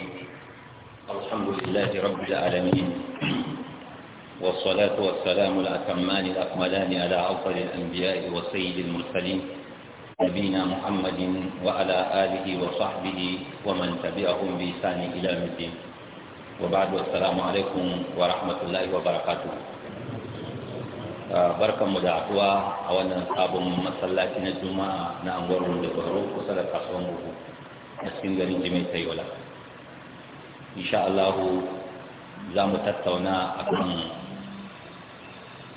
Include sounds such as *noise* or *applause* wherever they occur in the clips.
الرحيم الحمد لله رب العالمين والصلاة والسلام الأتمان الأكملان على أفضل الأنبياء وسيد المرسلين نبينا محمد وعلى آله وصحبه ومن تبعهم بإحسان إلى الدين وبعد السلام عليكم ورحمة الله وبركاته barkanmu da haɗuwa a wannan sabon masallaci na juma'a na anguwar da baro kusa da kasuwan buhu a cikin garin jimai tayola insha Allah za mu tattauna akan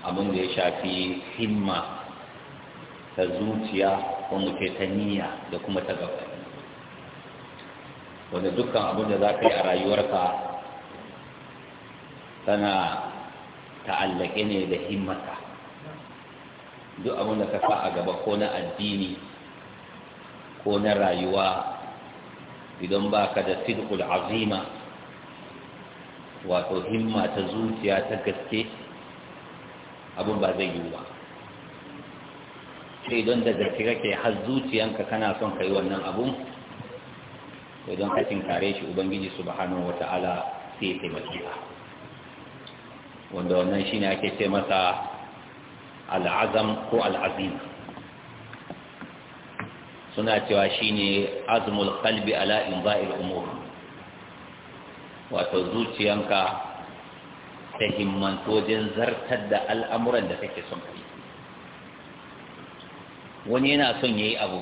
abin da ya shafi himma ta zuciya ko muke ta niyya da kuma ta gaba wanda dukkan abin da za ka yi a rayuwarka tana ta'allake ne da himmata duk abin da ka sa a gaba ko na addini ko na rayuwa idan ba ka da sidkul azima wato himma ta zuciya ta gaske abin ba zai yiwu ba sai don da gaske kake har zuciyanka kana son ka yi wannan abun sai don ka kare shi ubangiji subhanahu wata'ala sai ya taimaki ba wanda wannan shine ake ce masa al'azam ko al'azim suna cewa shine azmul kalbi ala imza'il umur wato zuciyanka ta himmantojin wajen zartar da al'amuran da kake son kai wani yana son ya yi abu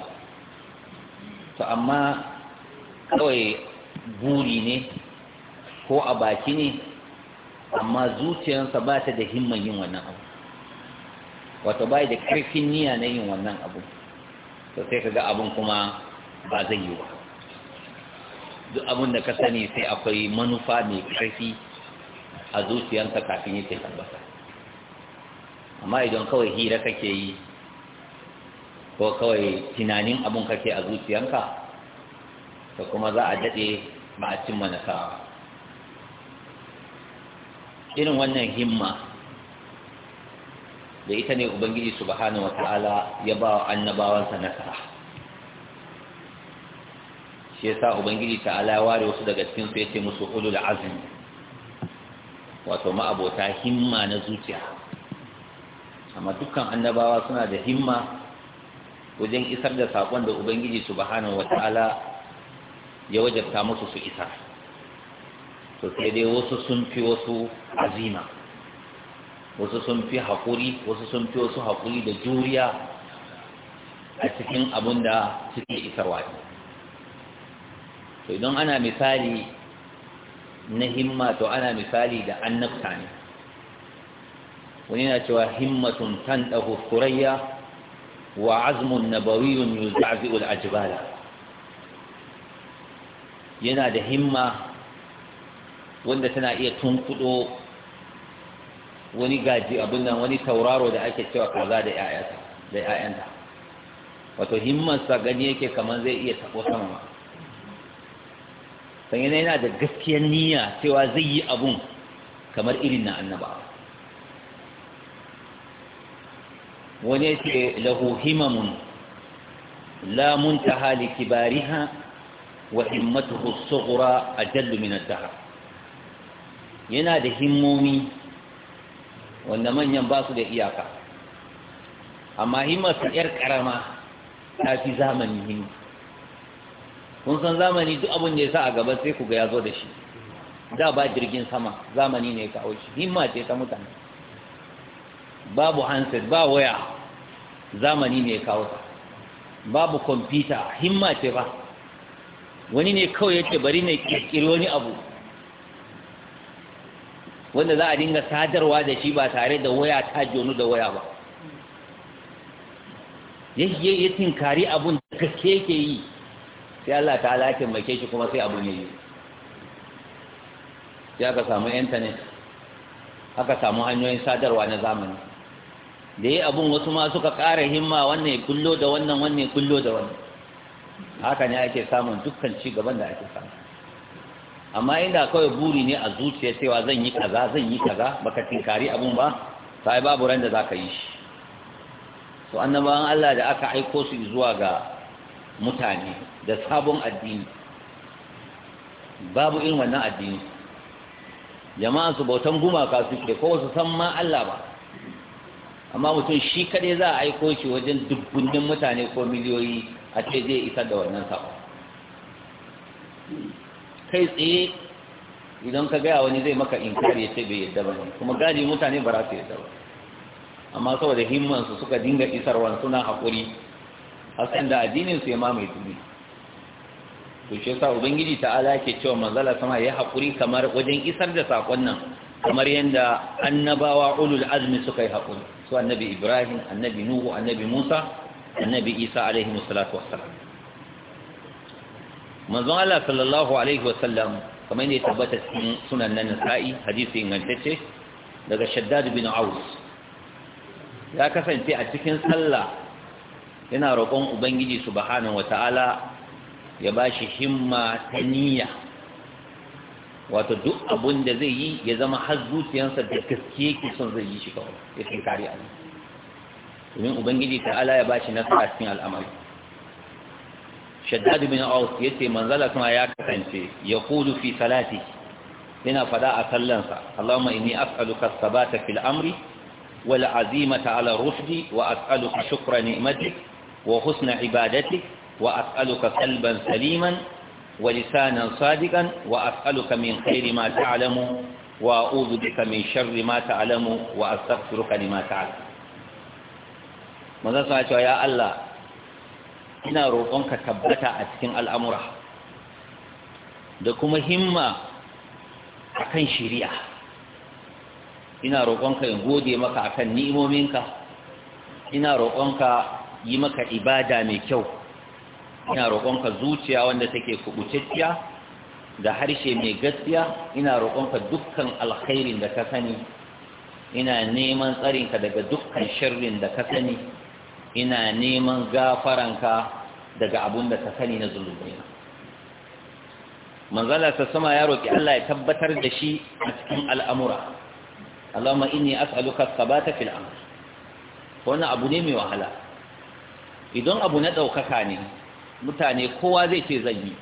to amma kawai buri ne ko a baki ne amma zuciyansa ba ta da himman yin wannan abu wato bai da karfin niyya na yin wannan abu to sai ka ga abin kuma ba zai yi ba duk abin da ka sani sai akwai manufa mai ƙarfi a zuciyarsa kafin yake tabbata amma idan kawai hira kake yi ko kawai tunanin abin kake a zuciyarka to kuma za a daɗe ba a cimma irin wannan himma da ita ne ubangiji subhanahu Ta'ala ya ba wa annabawansa nasara shi yasa ubangiji ta ya wasu daga cikin su yace musu ulul azmi wato ma'abota himma na zuciya amma dukkan annabawa suna da himma wajen isar da sakon da ubangiji subhanahu wataala ya wajabta musu su isa to sai dai wasu sun fi wasu azima wasu sun fi haƙuri wasu sun fi wasu haƙuri da juriya a cikin abin da suke isarwa ne to idan ana misali na himma to ana misali da annabta ne wani yana cewa himmatun tan ɗahu surayya wa azmun nabawiyun yuzazi'ul ajbala yana da himma wanda tana iya tunkuɗo wani gaji abin nan wani tauraro da ake cewa kaza da 'ya'yanta wato himmarsa gani yake kamar zai iya taɓo sama sannan yana da gaskiyar niyya cewa zai yi abun kamar irin na annaba wani ce lahu himamun la muntaha li kibariha wa himmatu sughra ajallu min ad yana da himmomi wanda manyan ba su da iyaka amma himmatu yar karama ta fi zamanin himma kun san zamani duk abin da ya sa a gaba sai ku ga ya zo da shi da ba jirgin sama zamani ne ya kawo shi. himma ce ta mutane babu handset ba waya zamani ne ya kawo ta babu kwamfuta himma ce ba wani ne kawai ya ce bari ne kirkiri wani abu wanda za a dinga sadarwa da shi ba tare da waya ta jonu da waya ba ya tinkari abun da gaske yake yi sai Allah ta ala taimake shi kuma sai abu ne yi sai aka samu intanet aka samu hanyoyin sadarwa na zamani da yi abun wasu ma suka ƙara himma wannan kullo da wannan wannan kullo da wannan haka ne ake samun dukkan ci gaban da ake samu amma inda kawai buri ne a zuciya cewa zan yi kaza zan yi kaza baka tinkari abun ba sai babu ran da zaka yi shi to annabawan Allah da aka aiko su zuwa ga mutane da sabon addini babu irin wannan addini jama'a su bautan gumaka suke ko su san ma Allah ba amma mutum shi kaɗai za a aiko shi wajen dubbunin mutane ko miliyoyi a ce zai isar da wannan sabo kai tsaye idan ka gaya wani zai maka inkari ya ce bai yadda ba kuma gadi mutane ba za su yadda ba amma saboda himmansu suka dinga isarwa suna haƙuri har da addinin su ya mamaye duniya to shi yasa ubangiji ta'ala ke cewa manzala sama ya haƙuri kamar wajen isar da sakon nan kamar yadda annabawa ulul azmi suka yi haƙuri su annabi ibrahim annabi nuhu annabi musa annabi isa alaihi musallatu wassalam manzon Allah sallallahu alaihi wasallam kamar ne tabbata cikin sunan nan sa'i hadisi ingantacce daga shaddad bin aus ya kasance a cikin sallah yana roƙon ubangiji subhanahu wata'ala ya ba shi himma ta niyya wato duk abun da zai yi ya zama har zuciyarsa da gaske yake son zai yi shi kawai ya sun kare a domin ubangiji ta'ala ya ba shi nasara cikin al'amari shaddadu bin aus ya ce manzala kuma ya kasance ya kudu fi salati yana fada a sallansa allahumma inni as'aluka sabata fil amri wal azimata ala rushdi wa as'aluka shukra ni'matik وحسن عبادتك وأسألك قلبا سليما ولسانا صادقا وأسألك من خير ما تعلم وأعوذ بك من شر ما تعلم وأستغفرك لما تعلم manzon sa cewa ya Allah ina roƙonka tabbata a cikin al'amura da kuma himma akan shari'a ina roƙonka in gode maka akan ni'imominka ina roƙonka yi maka ibada mai kyau ina roƙonka zuciya wanda take kubutacciya da harshe mai gaskiya ina roƙonka dukkan alkhairin da ka sani ina neman tsarinka daga dukkan sharrin da ka sani ina neman gafaranka daga abun da ka sani na zulubai manzala ta sama ya roƙi Allah ya tabbatar da shi a cikin al'amura Allahumma inni as'aluka sabata fil amr wannan abu ne mai wahala idan abu na ɗaukaka ne mutane kowa zai ce zan yi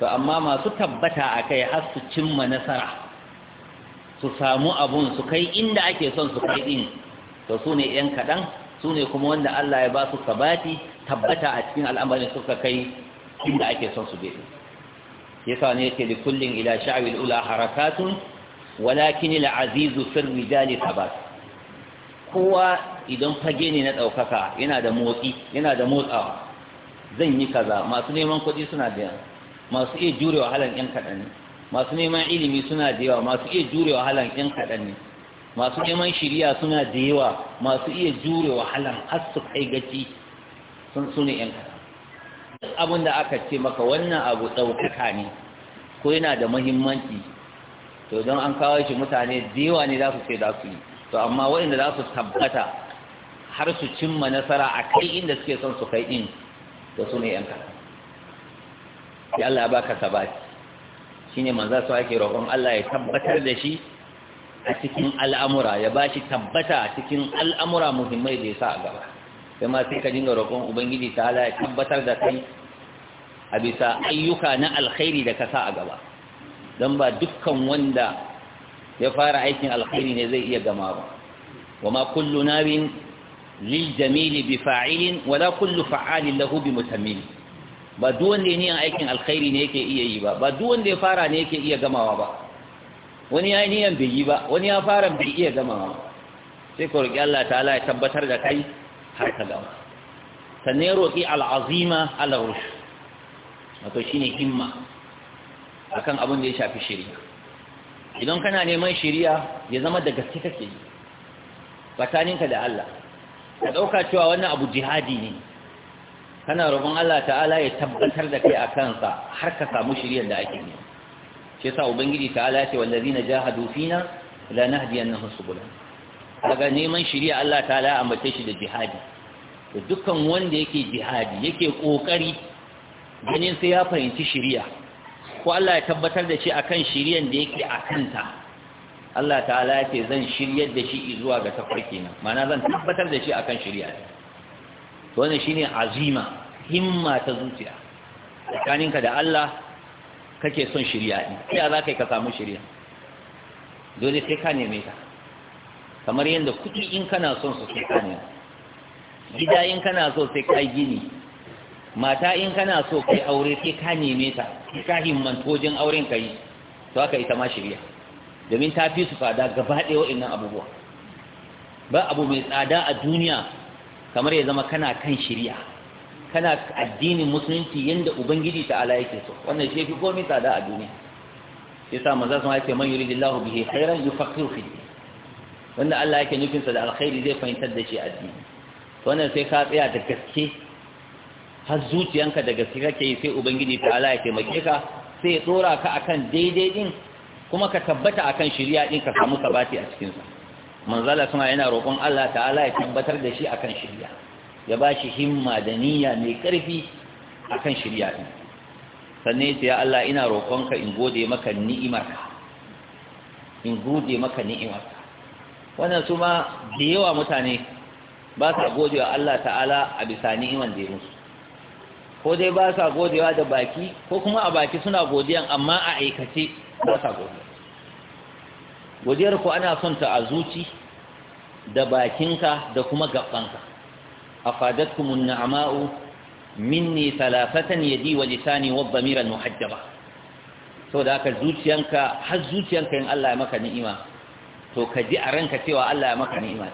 to amma masu tabbata a kai har su cimma nasara su samu abun su kai inda ake son su kai ɗin to su ne ‘yan kaɗan su ne kuma wanda Allah ya ba su sabati tabbata a cikin al'amarin suka kai inda ake son su bai sa ne yake likullin ila sha'awil ula harakatun walakin ila azizu sirri jali sabat kowa idan fage ne na ɗaukaka yana da motsi yana da motsawa zan yi kaza masu neman kuɗi suna da yawa masu iya jure wahalan ƴan kaɗan ne masu neman ilimi suna da yawa masu iya jure wahalan ƴan kaɗan ne masu neman shiriya suna da yawa masu iya jure wahalan har su kai gaci sun sune ƴan kaɗan duk abin da aka ce maka wannan abu ɗaukaka ne ko yana da muhimmanci to don an kawo shi mutane da yawa ne za su ce za su yi to amma waɗanda za su tabbata har su cimma nasara a kai inda suke son su kai in da su ne yanka Ya Allah ya baka sabati shine manzo su ake roƙon Allah ya tabbatar da shi a cikin al'amura ya bashi tabbata a cikin al'amura muhimmai da ya sa a gaba sai ma sai ka dinga roƙon ubangiji ta Allah ya tabbatar da kai a bisa ayyuka na alkhairi da ka sa a gaba don ba dukkan wanda ya fara aikin alkhairi ne zai iya gama ba wa ma kullu للجميل بفاعل ولا كل فعال له بمتمل ba duk wanda ne aikin alkhairi ne yake iya yi ba ba duk wanda ya fara ne yake iya gamawa ba wani ya niyan bai yi ba wani ya fara bai iya gamawa sai ka roki Allah ta'ala ya tabbatar da kai har ka gama Sanne roki al'azima al-rush wato shine himma akan abin da ya shafi shari'a idan kana neman shari'a ya zama da gaske kake yi tsakaninka da Allah ka ɗauka cewa wannan abu jihadi ne kana roƙon Allah ta'ala ya tabbatar da kai a kansa har ka samu shiriyar da ake yi. shi yasa ubangiji ta'ala ce wallazina jahadu fina la nahdiyannahum subulana daga neman shirya Allah Ta'ala la ambace shi da jihadi da dukkan wanda yake jihadi yake kokari ganin sai ya fahimci shiriya. ko Allah ya tabbatar da shi akan shiriyar da yake akanta Allah ta'ala ya ce zan shiryar da shi zuwa ga tafarki na mana zan tabbatar da shi akan shirya to wannan shine azima himma ta zuciya tsakaninka da Allah kake son shirya din ya za ka ka samu shirya dole sai ka neme ta kamar yadda kuɗi in kana son su sai ka neme gida in kana so sai ka gini mata in kana so kai aure sai ka neme ta sai ka himmanto wajen auren ka yi to haka ita ma shirya domin ta fi su fada gaba ɗaya wa'annan abubuwa ba abu mai tsada a duniya kamar ya zama kana kan shirya kana addinin musulunci yadda ubangiji ta ala yake so wannan shi fi komai tsada a duniya ya yasa manzo sun ce man yuridillahu bihi khairan yufaqihu fi din wanda Allah yake nufin sa da alkhairi zai fahimtar da shi addini to wannan sai ka tsaya da gaske har zuciyanka da gaske kake yi sai ubangiji ta ala ya taimake ka sai ya tsora ka akan daidai din kuma ka tabbata a kan shirya ɗin ka samu sabati a cikinsa. manzala suna yana roƙon Allah ta'ala ya tabbatar da shi a kan shirya. ya ba shi himma da niyya mai ƙarfi a kan shirya ɗin. sannan ya Allah ina roƙonka in gode maka ni'imarka in gode maka ni'imarka wannan su ma da yawa mutane ba sa godewa Allah ta'ala a bisa ni'imar da ya musu ko dai ba sa godewa da baki ko kuma a baki suna godiyan amma a aikace ba sa godiya ku ana son ta a zuci da bakinka da kuma gabanka afadatkum an-ni'ma'u minni thalathatan yadi wa lisani wa dhamira al Sau da haka zuciyanka har zuciyanka in Allah ya maka ni'ima to ka ji a ranka cewa Allah ya maka ni'ima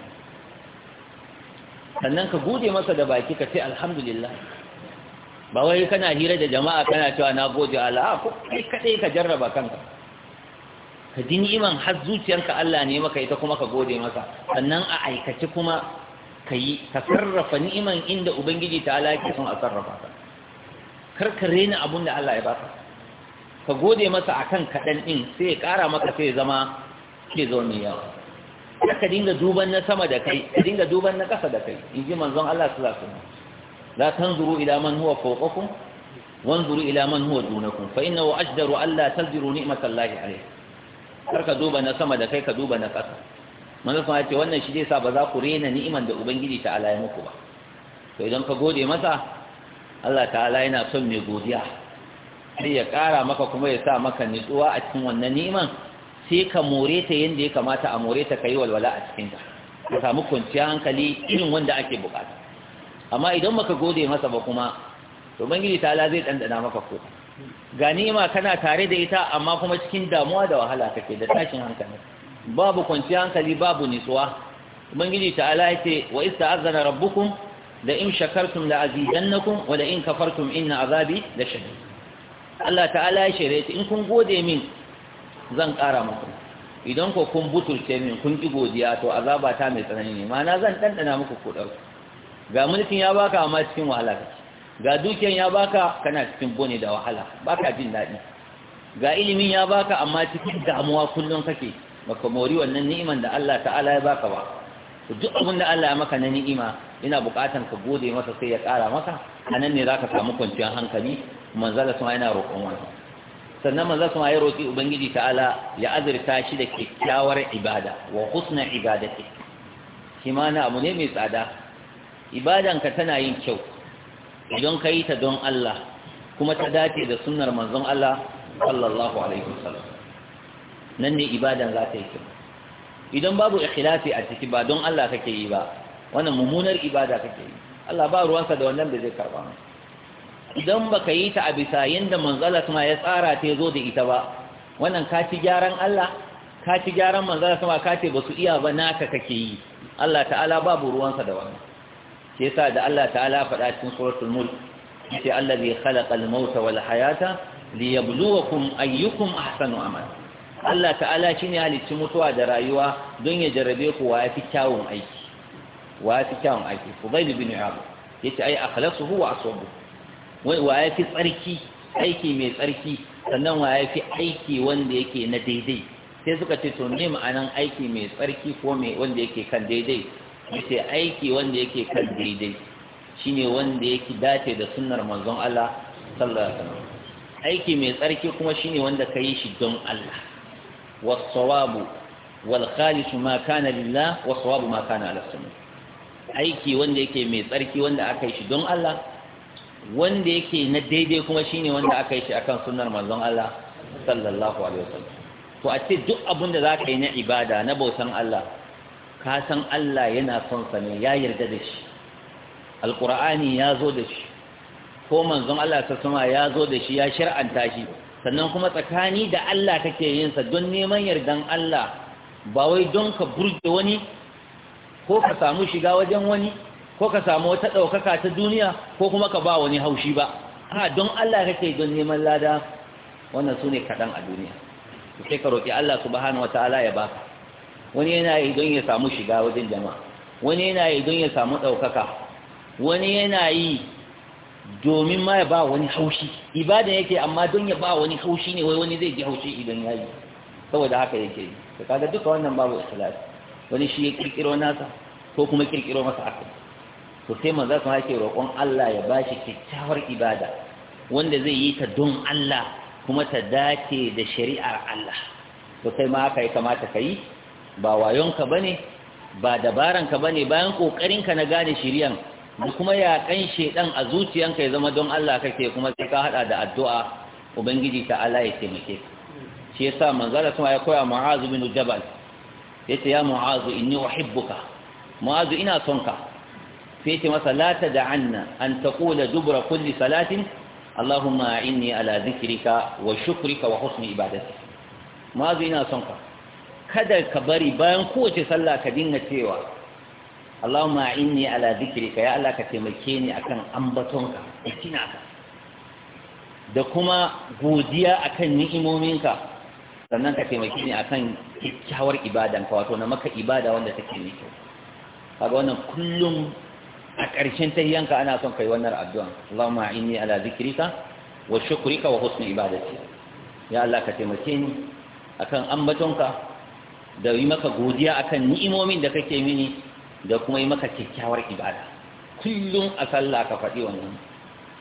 sannan ka gode masa da baki ka ce alhamdulillah ba wai kana hira da jama'a kana cewa na gode Allah ko kai kaɗai ka jarraba kanka ka ji ni'iman har zuciyarka Allah ne maka ita kuma ka gode masa sannan a aikace kuma ka yi ka sarrafa ni'iman inda ubangiji ta Allah sun a sarrafa ka kar ka rena abun da Allah ya baka ka gode masa akan kaɗan ɗin sai ya ƙara maka sai ya zama ke zo mai yawa ka dinga duban na sama da kai ka dinga duban na ƙasa da kai in ji manzon Allah sallallahu alaihi wasallam la tanzuru ila man huwa fawqakum wanzuru ila man huwa dunakum fa innahu ajdaru alla tazdiru ni'matallahi alayhi kar ka duba na sama da kai ka duba na ƙasa Manufa ya ce wannan shi zai sa ba za ku rena ni'iman da ubangiji ta ala ya muku ba to idan ka gode masa Allah ta'ala yana son mai godiya sai ya ƙara maka kuma ya sa maka nutsuwa a cikin wannan ni'iman sai ka more ta yadda ya kamata a more ta kai walwala a cikin ta ka samu kwanciyar hankali irin wanda ake bukata amma idan maka gode masa ba kuma to Ubangiji ta'ala zai ɗanɗana maka kuka Ganima kana tare da ita amma kuma cikin damuwa da wahala kake da tashin hankali babu kwanciyar hankali babu nitsuwa ubangiji ta'ala yake wa ista'azana rabbukum la in shakartum la azidannakum wa la in kafartum inna azabi la shadid Allah ta'ala ya shirye in kun gode min zan kara muku idan ko kun butulce min kun ki godiya to azaba ta mai tsanani ne ma'ana zan dandana muku ku dauka ga mulkin ya baka amma cikin wahala kake ga dukiyan ya baka kana cikin bone da wahala baka jin daɗi ga ilimin ya baka amma cikin damuwa kullum kake baka mori wannan ni'iman da Allah ta'ala ya baka ba duk abin da Allah ya maka na ni'ima ina buƙatan ka gode masa sai ya ƙara maka a nan ne za ka samu kwanciyar hankali manzala sun yana roƙon wannan sannan manzala sun ya roƙi ubangiji ta'ala ya azurta shi da kyakkyawar ibada wa husna ibadati shi abu ne mai tsada ka tana yin kyau idan ka yi ta don Allah kuma ta dace da sunar manzon Allah sallallahu alaihi wasallam nan ne ibadan za ta yi kyau idan babu ikhlasi a ciki ba don Allah kake yi ba wannan mummunar ibada kake yi Allah ba ruwansa da wannan da zai karba idan baka yi ta a bisa yanda manzala kuma ya tsara ta zo da ita ba wannan ka ci gyaran Allah ka ci gyaran manzala kuma ka ce ba su iya ba naka kake yi Allah ta'ala babu ruwansa da wannan Sai sa da Allah ta'ala faɗa cikin suratul mulk yace allazi khalaqal mauta wal hayata liyabluwakum ayyukum ahsanu amala Allah ta'ala shine halicci mutuwa da rayuwa don ya jarrabe ku wa yafi kyawun aiki wa yafi kyawun aiki Fudayl bin Iyad yace ai akhlasuhu wa asabu wa yafi tsarki aiki mai tsarki sannan wa yafi aiki wanda yake na daidai sai suka ce to me ma'anan aiki mai tsarki ko me wanda yake kan daidai yace aiki wanda yake kan daidai shine wanda yake dace da sunnar manzon Allah sallallahu aiki mai tsarki kuma shine wanda ka yi shi don Allah Wasawabu. sawabu ma kana lillah Wasawabu ma kana ala aiki wanda yake mai tsarki wanda aka yi shi don Allah wanda yake na daidai kuma shine wanda aka yi shi akan sunnar manzon Allah sallallahu alaihi wasallam to a ce duk abin da ka yi na ibada na bautan Allah ka san Allah yana son sa ne ya yarda da shi alqur'ani ya zo da shi ko manzon Allah ta sama ya zo da shi ya shir'anta shi sannan kuma tsakani da Allah kake yin sa don neman yardan Allah ba wai don ka burge wani ko ka samu shiga wajen wani ko ka samu wata ɗaukaka ta duniya ko kuma ka ba wani haushi ba a don Allah kake don neman lada wannan su ne kaɗan a duniya sai ka roƙi Allah subhanahu wa ta'ala ya baka wani yana yi don ya samu shiga wajen jama'a wani yana yi don ya samu ɗaukaka wani yana yi domin ma ya ba wani haushi ibada yake amma don ya ba wani haushi ne wai wani zai ji haushi idan ya yi saboda haka yake yi da kaga duka wannan babu ikhlasi wani shi ya kirkiro nasa ko kuma kirkiro masa akai to sai za su hake roƙon Allah ya bashi kyakkyawar ibada wanda zai yi ta don Allah kuma ta dace da shari'ar Allah to sai ma haka ya kamata ka yi. ba wayonka bane ba dabaranka bane bayan ƙoƙarinka na gane shiriyan da kuma yakan shedan a zuciyanka ya zama don Allah kake kuma sai ka haɗa da addu'a ubangiji ta Allah ya taimake ka shi manzala kuma ya koya Mu'az bin Jabal yace ya Mu'az inni uhibbuka Mu'az ina son ka sai yace masa la tad'anna an taqula dubra kulli salatin Allahumma inni ala dhikrika wa shukrika wa husni ibadati Mu'az ina son ka kada ka bari bayan kowace sallah ka dinga cewa Allahumma inni ala zikrika ya Allah ka taimake ni akan ambatonka da tinaka da kuma godiya akan ni'imominka sannan ka taimake ni akan kyakkyawar ka wato na maka ibada wanda take ni kyau kaga wannan kullum a ƙarshen tahiyanka ana son kai wannan addu'a Allahumma inni ala zikrika wa shukrika wa husni ibadati ya Allah ka taimake ni akan ambatonka da yi maka godiya akan ni'imomin da kake mini da kuma yi maka kyakkyawar ibada kullum a sallah ka faɗi wannan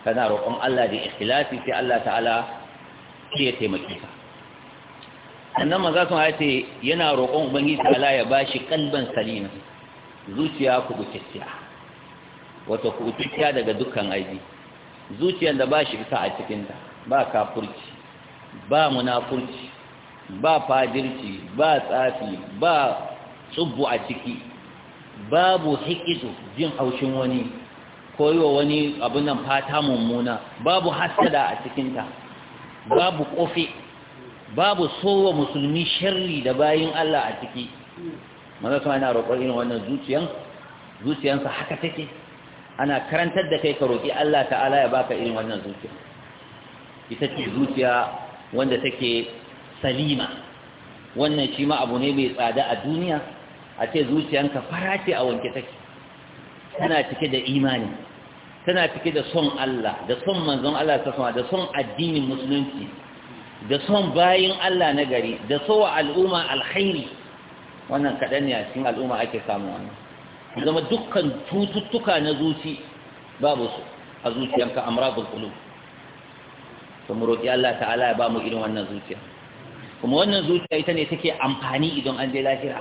kana roƙon Allah da ikhlasi sai Allah ta'ala ya taimake ka annan maza sun haice yana roƙon ubangiji ta'ala ya bashi kalban salima zuciya ku kubutacciya wato kubutacciya daga dukkan aibi zuciyar da ba shi bisa a cikin ta ba kafurci ba munafurci ba fadirci ba tsafi ba tsubbu a ciki babu hiƙisu jin haushin wani ko yi wa wani abin fata mummuna babu hasada a cikinta babu kofi babu sowa musulmi sharri da bayin Allah a ciki manzo su yana roƙon irin wannan zuciyan zuciyansa haka take ana karantar da kai ka roƙi Allah ta'ala ya baka irin wannan zuciya ita ce zuciya wanda take salima wannan shi ma abu ne mai tsada a duniya a ce zuciyanka fara ce a wanke take tana cike da imani tana cike da son Allah da son manzon Allah ta sama da son addinin musulunci da son bayin Allah na gari da sowa al'umma alkhairi wannan kaɗan ne a cikin al'umma ake samu wannan zama dukkan cututtuka na zuci babu su a zuciyanka amradul qulub to mu roki Allah ta'ala ya ba mu irin wannan zuciya kuma wannan zuciya ita ne take amfani idan an je lahira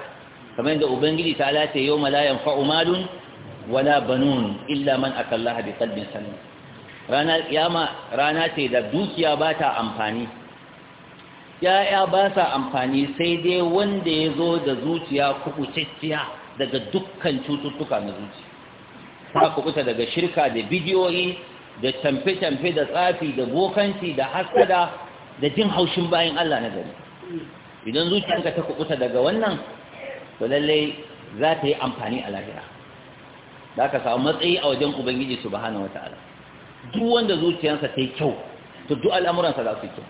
kamar yadda ubangiji ta lata yau ma la yanfa'u malun wala banun illa man akallaha bi qalbin salim rana kiyama rana ce da dukiya ba ta amfani ya'ya ba sa amfani sai dai wanda ya zo da zuciya kukucicciya daga dukkan cututtuka na zuciya ta kukuta daga shirka da bidiyoyi da tamfe-tamfe da tsafi da bokanci da haskada da jin haushin bayan Allah na gari idan zuciyarka ta kubuta daga wannan to lallai za ta yi amfani a lahira za ka samu matsayi a wajen ubangiji subhanahu wata'ala duk wanda zuciyarsa ta yi kyau to duk al'amuransa za su kyau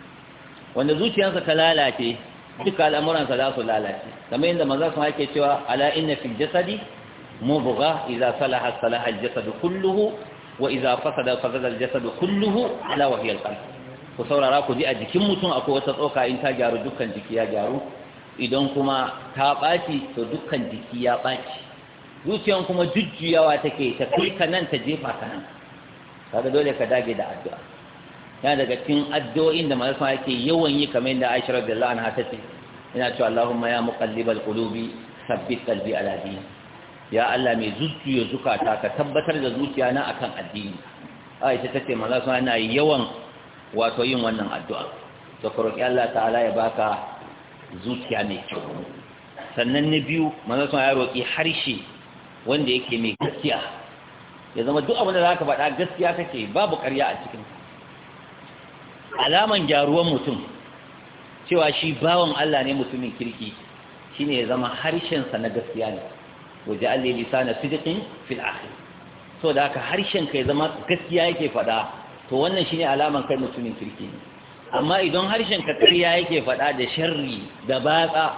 wanda zuciyarsa ta lalace duk al'amuransa za su lalace kamar yadda maza sun hake cewa ala inna fil jasadi mubgha idza salaha salaha al jasadu kulluhu wa idza fasada fasada al jasadu kulluhu ala wa qalb ku saurara ku ji a jikin mutum akwai wata tsoka in ta gyaru dukkan jiki ya gyaru idan kuma ta ɓaci to dukkan jiki ya ɓaci zuciyan kuma jujjuyawa take ta kai ka nan ta jefa ka nan kaga dole ka dage da addu'a yana daga cikin addu'o'in da malafa yake yawan yi kamar da Aisha radiyallahu anha ta ce ina cewa Allahumma ya muqallibal qulubi thabbit qalbi ala dini ya Allah mai zuciya zukata ka tabbatar da zuciya na akan addini Aisha ta ce malafa yana yawan wato yin wannan addu'a to ka Allah ta'ala ya baka zuciya mai kyau sannan na biyu manzo ya roki harshe wanda yake mai gaskiya ya zama duk abinda za ka faɗa gaskiya kake babu ƙarya a cikin alaman gyaruwan mutum cewa shi bawan Allah ne mutumin kirki ne ya zama harshensa na gaskiya ne waje alli lisana na fil fil'a. so da haka harshen ka ya zama gaskiya yake faɗa to wannan shine alaman kai mutumin kirki ne amma idan harshen ka ƙarya yake faɗa da sharri da batsa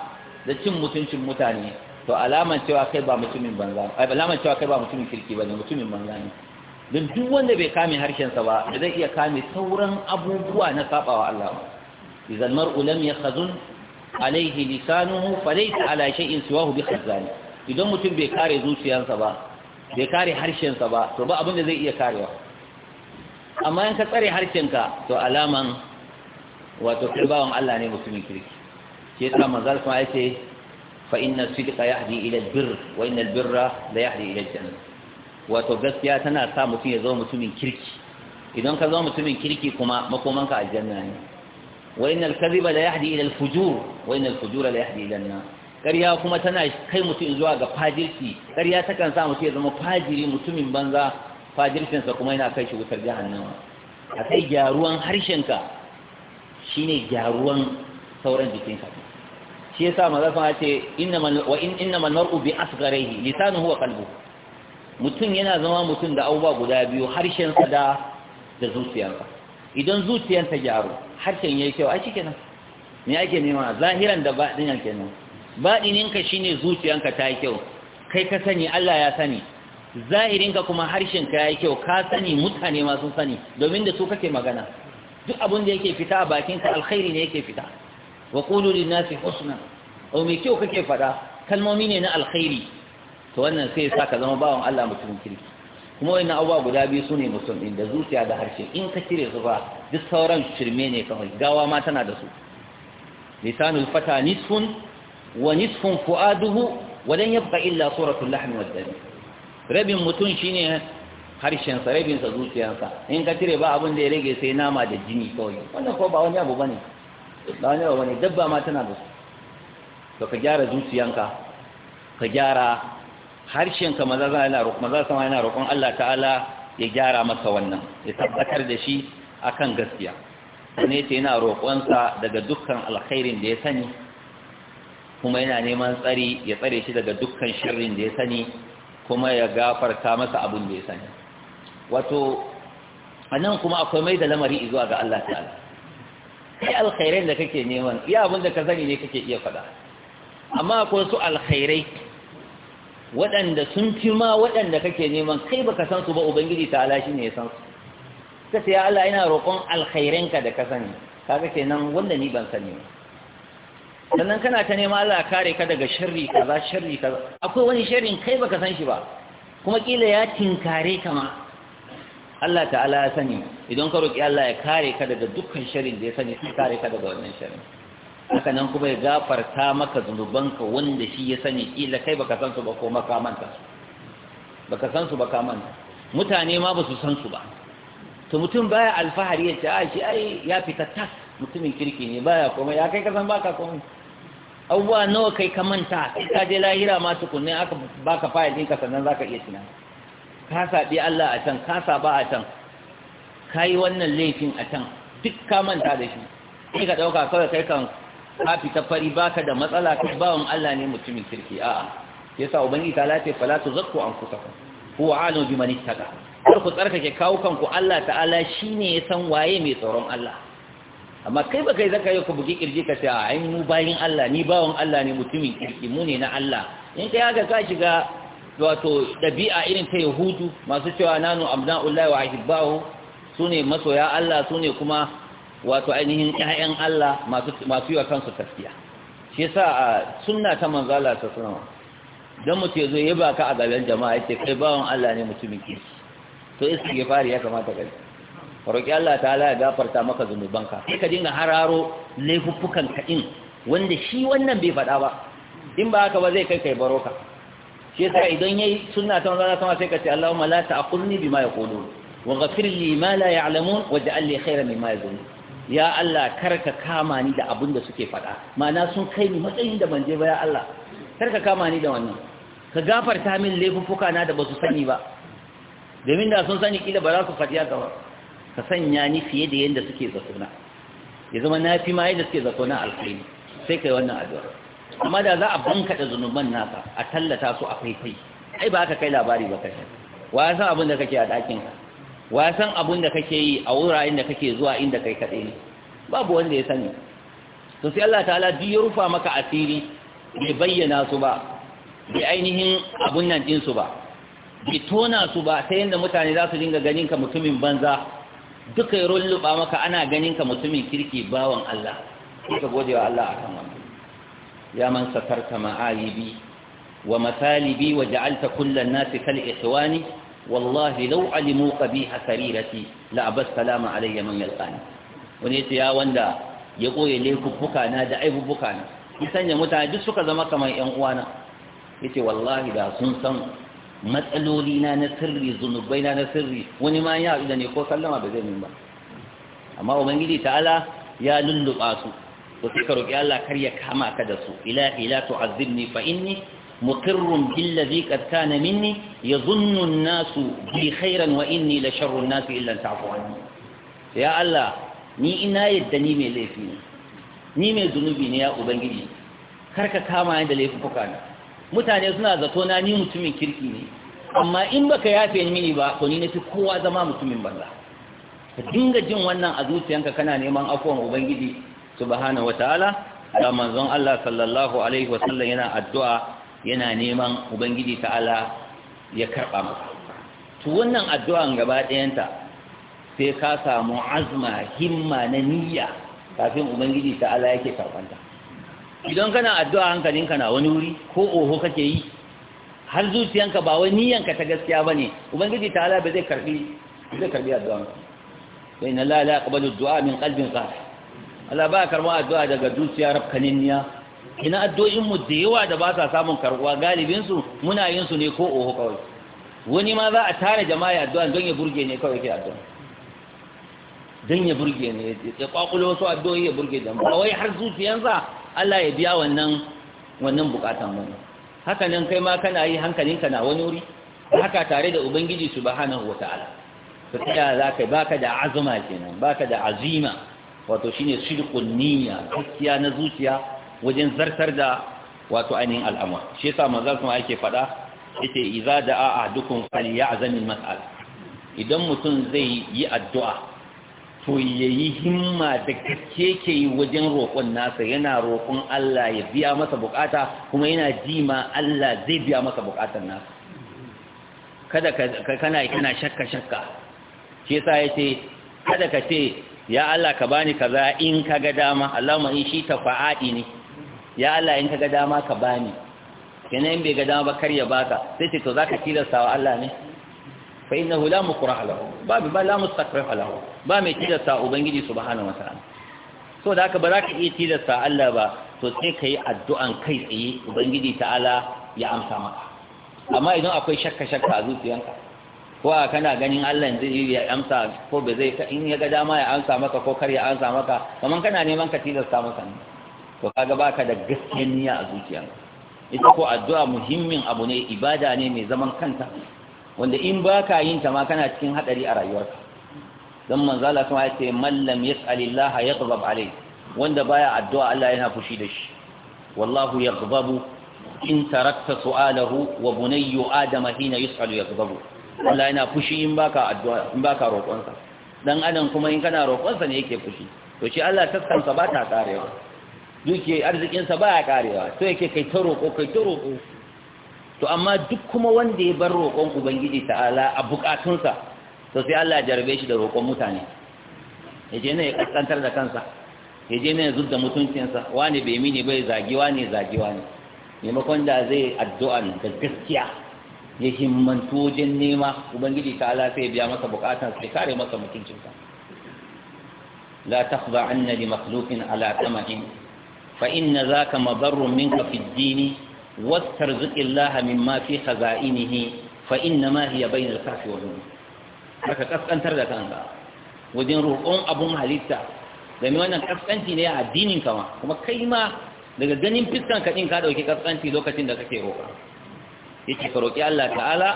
da cin mutuncin mutane to alaman cewa kai ba mutumin banza ai eh, alaman cewa kai ba mutumin kirki bane mutumin banza ne don duk wanda bai kame harshen sa ba zai iya kame sauran abubuwa na sabawa Allah idan mar'u lam yakhzun alaihi lisanuhu falaysa ala shay'in siwahu bi khazani idan mutum bai kare zuciyarsa ba bai kare harshen sa ba to ba abin da zai iya karewa amma in ka tsare harshenka to alaman wato kirbawan Allah ne mutumin kirki shi yasa manzal kuma yace fa inna sidqa yahdi ila albir wa inna albirra la yahdi ila aljanna wato gaskiya tana sa mutum ya zama mutumin kirki idan ka zama mutumin kirki kuma makomanka aljanna ne wa innal kadhiba la yahdi ila alfujur wa innal fujura la yahdi ila an ƙarya kuma tana kai mutum zuwa ga fajirci ƙarya takan sa mutum ya zama fajiri mutumin banza fajircinsa kuma yana kai shi wutar jahannama a kai gyaruwan harshenka shine gyaruwan sauran jikinka shi yasa maza sun ce wa inna man mar'u bi asgharihi lisanuhu wa qalbuhu mutum yana zama mutum da abubuwa guda biyu harshensa da da zuciyarsa idan zuciyar ta gyaru harshen yayi kyau ai shikenan me ake nema zahiran da baɗinan kenan baɗininka shine zuciyarka ta yi kyau kai ka sani Allah ya sani zahirinka kuma harshenka ya yi kyau ka sani mutane masu sani domin da su kake magana duk abin da yake fita a bakinka alkhairi ne yake fita wa qulu lin nasi husna aw me kyau kake fada kalmomi ne na alkhairi to wannan sai sa ka zama bawan Allah mutumin kirki kuma wani abubuwa guda biyu su ne din da zuciya da harshe in ka cire su ba duk sauran shirme ne kawai gawa ma tana da su lisanul fata nisfun wa nisfun fuaduhu wa lan yabqa illa suratul lahm wad dami rabin mutum shine harshensa rabinsa zuciyarsa in ka cire ba abin da ya rage sai nama da jini kawai wannan ko ba wani abu bane ba wani abu bane dabba ma tana da su to ka gyara zuciyanka ka gyara harshenka maza za yana roƙon maza sama yana roƙon Allah ta'ala ya gyara masa wannan ya tabbatar da shi akan gaskiya ne ce yana roƙonsa daga dukkan alkhairin da ya sani kuma yana neman tsari ya tsare shi daga dukkan sharrin da ya sani kuma ya gafarta masa abin da ya sani wato nan kuma akwai mai da lamari zuwa ga Allah ta'ala kai alkhairai da kake neman iya abin da ka sani ne kake iya faɗa amma akwai su alkhairai waɗanda sun fi ma waɗanda kake neman kai baka san su ba ubangiji ta'ala shine ya san su kace ya Allah ina roƙon alkhairanka da ka sani kaga kenan wanda ni ban sani ba sannan kana ta nema Allah kare ka daga sharri kaza sharri kaza akwai wani sharrin kai baka san shi ba kuma kila ya tinkare ka ma Allah ta'ala ya sani idan ka roki Allah ya kare ka daga dukkan sharrin da ya sani sai kare ka daga wannan sharrin haka nan kuma ya gafarta maka zunubanka wanda shi ya sani kila kai baka san su ba ko maka manta baka san su baka manta mutane ma ba su san su ba to mutum baya alfahari ya ce a shi ai ya fita tas mutumin kirki ne baya komai ya kai kasan baka komai abubuwa nawa kai ka manta ka je lahira ma tukunne aka baka fayil ɗinka sannan za ka iya tunani ka saɓi Allah a can ka saɓa a can ka yi wannan laifin a can duk ka manta da shi sai ka ɗauka kawai kai kan ka fita fari baka da matsala ka bawan Allah ne mutumin kirki a'a ya uban ubangiji ta lace fala tu zakku ku, huwa alimu bi man ka. kar ku tsarkake kawukan ku. Allah ta'ala shi ne ya san waye mai tsoron Allah amma kai ba kai zaka yi ka bugi kirji ka ce ai mu bayin Allah ni bawon Allah ne mutumin kirki mu ne na Allah in kai haka ka shiga wato dabi'a irin ta yahudu masu cewa nanu abna'ullahi wa ahibahu sune masoya Allah sune kuma wato ainihin ƴaƴan Allah masu masu yi kansu tafiya shi yasa a sunna ta manzala ta sunna dan mu ce zo yaba ka a gaban jama'a yace kai bawon Allah ne mutumin kirki to fari ya kamata kai roƙi Allah ta'ala ya gafarta maka zunubanka sai ka dinga hararo laifuffukan ka din wanda shi wannan bai faɗa ba in ba haka ba zai kai kai baroka shi yasa idan yayi sunna ta manzo Allah sai ka ce Allahumma la ta'qulni bima yaqulun wa ghafir li ma la ya'lamun waj'al li khayran mimma yazun ya Allah karka kama ni da abin da suke faɗa ma'ana sun kai ni matsayin da ban je ba ya Allah karka kama ni da wannan ka gafarta min laifuffuka na da ba su sani ba domin da sun sani kila ba za su faɗi haka ba ka sanya ni fiye da yadda suke zakuna ya zama na fi ma yadda suke zakuna alkhairi sai kai wannan addu'a amma da za a banka da zunuban nasa a tallata su a faifai ai ba ka kai labari ba kai wa ya san abin da kake a ɗakin ka wa ya san abin da kake yi a wuraren da kake zuwa inda kai kaɗai ne babu wanda ya sani to sai Allah ta'ala duk ya rufa maka asiri bai bayyana su ba bai ainihin abun nan ɗinsu ba bai tona su ba ta yadda mutane za su dinga ganin ka mutumin banza duka ya rulluɓa maka ana ganin ka mutumin kirki bawan Allah sai gode wa Allah kan wannan ya man sakarta ma'ayibi wa matalibi wa ja'alta kullan nasi kal ihwani wallahi law alimu qabiha sarirati la salama alayya man wani yace ya wanda ya koye laifuffuka na da aibubuka na sanya mutane duk suka zama kamar yan uwana yace wallahi da sun san matsaloli na na sirri zunubai na na sirri wani ma ya da ne ko sallama ba zai min ba amma ubangiji ta'ala ya lulluɓa su to sai ka Allah kar ya kama ka da su ilahi la tu'azzibni fa inni muqirrun bil ladhi qad kana minni yadhunnu an-nasu bi khairan wa inni la sharru an-nasi illa ta'fu anni ya Allah ni ina yadda ni mai laifi ne ni mai zunubi ne ya ubangiji kar ka kama ni da laifuka na mutane suna zato na ni mutumin kirki ne amma in baka yafe mini ba to ni nafi kowa zama mutumin banza ka dinga jin wannan a zuciyanka kana neman afuwan ubangiji subhanahu wataala da manzon Allah sallallahu alaihi wasallam yana addu'a yana neman ubangiji ta'ala ya karba maka. to wannan addu'an gaba ɗayanta sai ka samu azma himma na niyya kafin ubangiji ta'ala yake karbanta idan kana addu'a hankalinka na wani wuri ko oho kake yi har zuciyanka ba wani yanka ta gaskiya bane ubangiji ta ala ba zai karbi zai karbi addu'a sai na la la qabalu du'a min qalbin qasir Allah ba karba addu'a daga zuciya niya ina addu'o'in mu da yawa da ba sa samun karbuwa galibin su muna yin su ne ko oho kawai wani ma za a tare jama'a addu'a don ya burge ne kawai ke addu'a don ya burge ne ya kwakulo wasu addu'o'i ya burge ba wai har zuciyansa Allah ya biya wannan wannan bukatan wani haka nan kai ma kana yi hankalinka na wani wuri haka tare da ubangiji subhanahu wataala to za kai, baka da azuma kenan baka da azima wato shine sidqun niyya gaskiya na zuciya wajen zartar da wato ainihin al'amur shi yasa manzon kuma yake fada yace idza da'a ahdukum falyazamil mas'ala idan mutum zai yi addu'a to yi himma da gaske ke yi wajen roƙon nasa yana roƙon Allah ya biya masa bukata kuma yana ji ma Allah zai biya masa bukatar nasa kada ka kana kana shakka shakka shi yasa ce, kada ka ce ya Allah ka bani kaza in ka ga dama Allahumma in shi fa'adi ne ya Allah in ka ga dama ka bani kenan in bai ga dama ba kar ya baka sai ce to zaka tilasta wa Allah ne fa innahu la mukrah lahu babu ba la mustakrah lahu ba mai tilasta ubangiji subhanahu wataala so da haka ba za ka iya tilasta Allah ba to sai ka yi addu'an kai tsaye ubangiji ta'ala ya amsa maka amma idan akwai shakka shakka a zuciyanka ko a kana ganin Allah zai ya amsa ko ba zai in ya ga dama ya amsa maka ko kar ya amsa maka kaman kana neman ka tilasta maka ne to kaga baka da gaskiyar niyya a zuciyanka ita ko addu'a muhimmin abu ne ibada ne mai zaman kanta wanda in ba ka yin ta ma kana cikin haɗari a rayuwarka don manzo Allah kuma ya ce man ya yas'alillaha yaghdab wanda baya addu'a Allah yana fushi da shi wallahu ya yaghdabu in tarakta su'alahu wa bunayyu adama hina yus'alu yaghdabu Allah yana fushi in baka addu'a in baka roƙonsa dan adam kuma in kana roƙonsa ne yake fushi to shi Allah taskansa ba ta karewa duke arzikin arzikinsa ba ya karewa to yake kai ta roƙo kai ta roƙo to amma duk kuma wanda ya bar roƙon ubangiji ta'ala a buƙatunsa, to sai Allah ya jarabe shi da roƙon mutane ya je ne ya kaskantar da kansa ya je ne ya da mutuncinsa wani bai mini bai zagi wani zagi wani maimakon da zai addu'an da gaskiya ya himmantu wajen nema ubangiji ta'ala sai ya biya masa bukatansa sai kare masa mutuncinsa لا تخضعن لمخلوق على طمع فإن ذاك مضر منك في الدين Wastar واسترزق الله مما في خزائنه فإنما هي بين الكهف والنور baka kaskantar da kanka wajen roƙon abun halitta domin wannan kaskanci ne a addinin kama kuma kai ma daga ganin fiskan ka ka ɗauki kaskanci lokacin da kake roƙa yake ka roƙi Allah ta'ala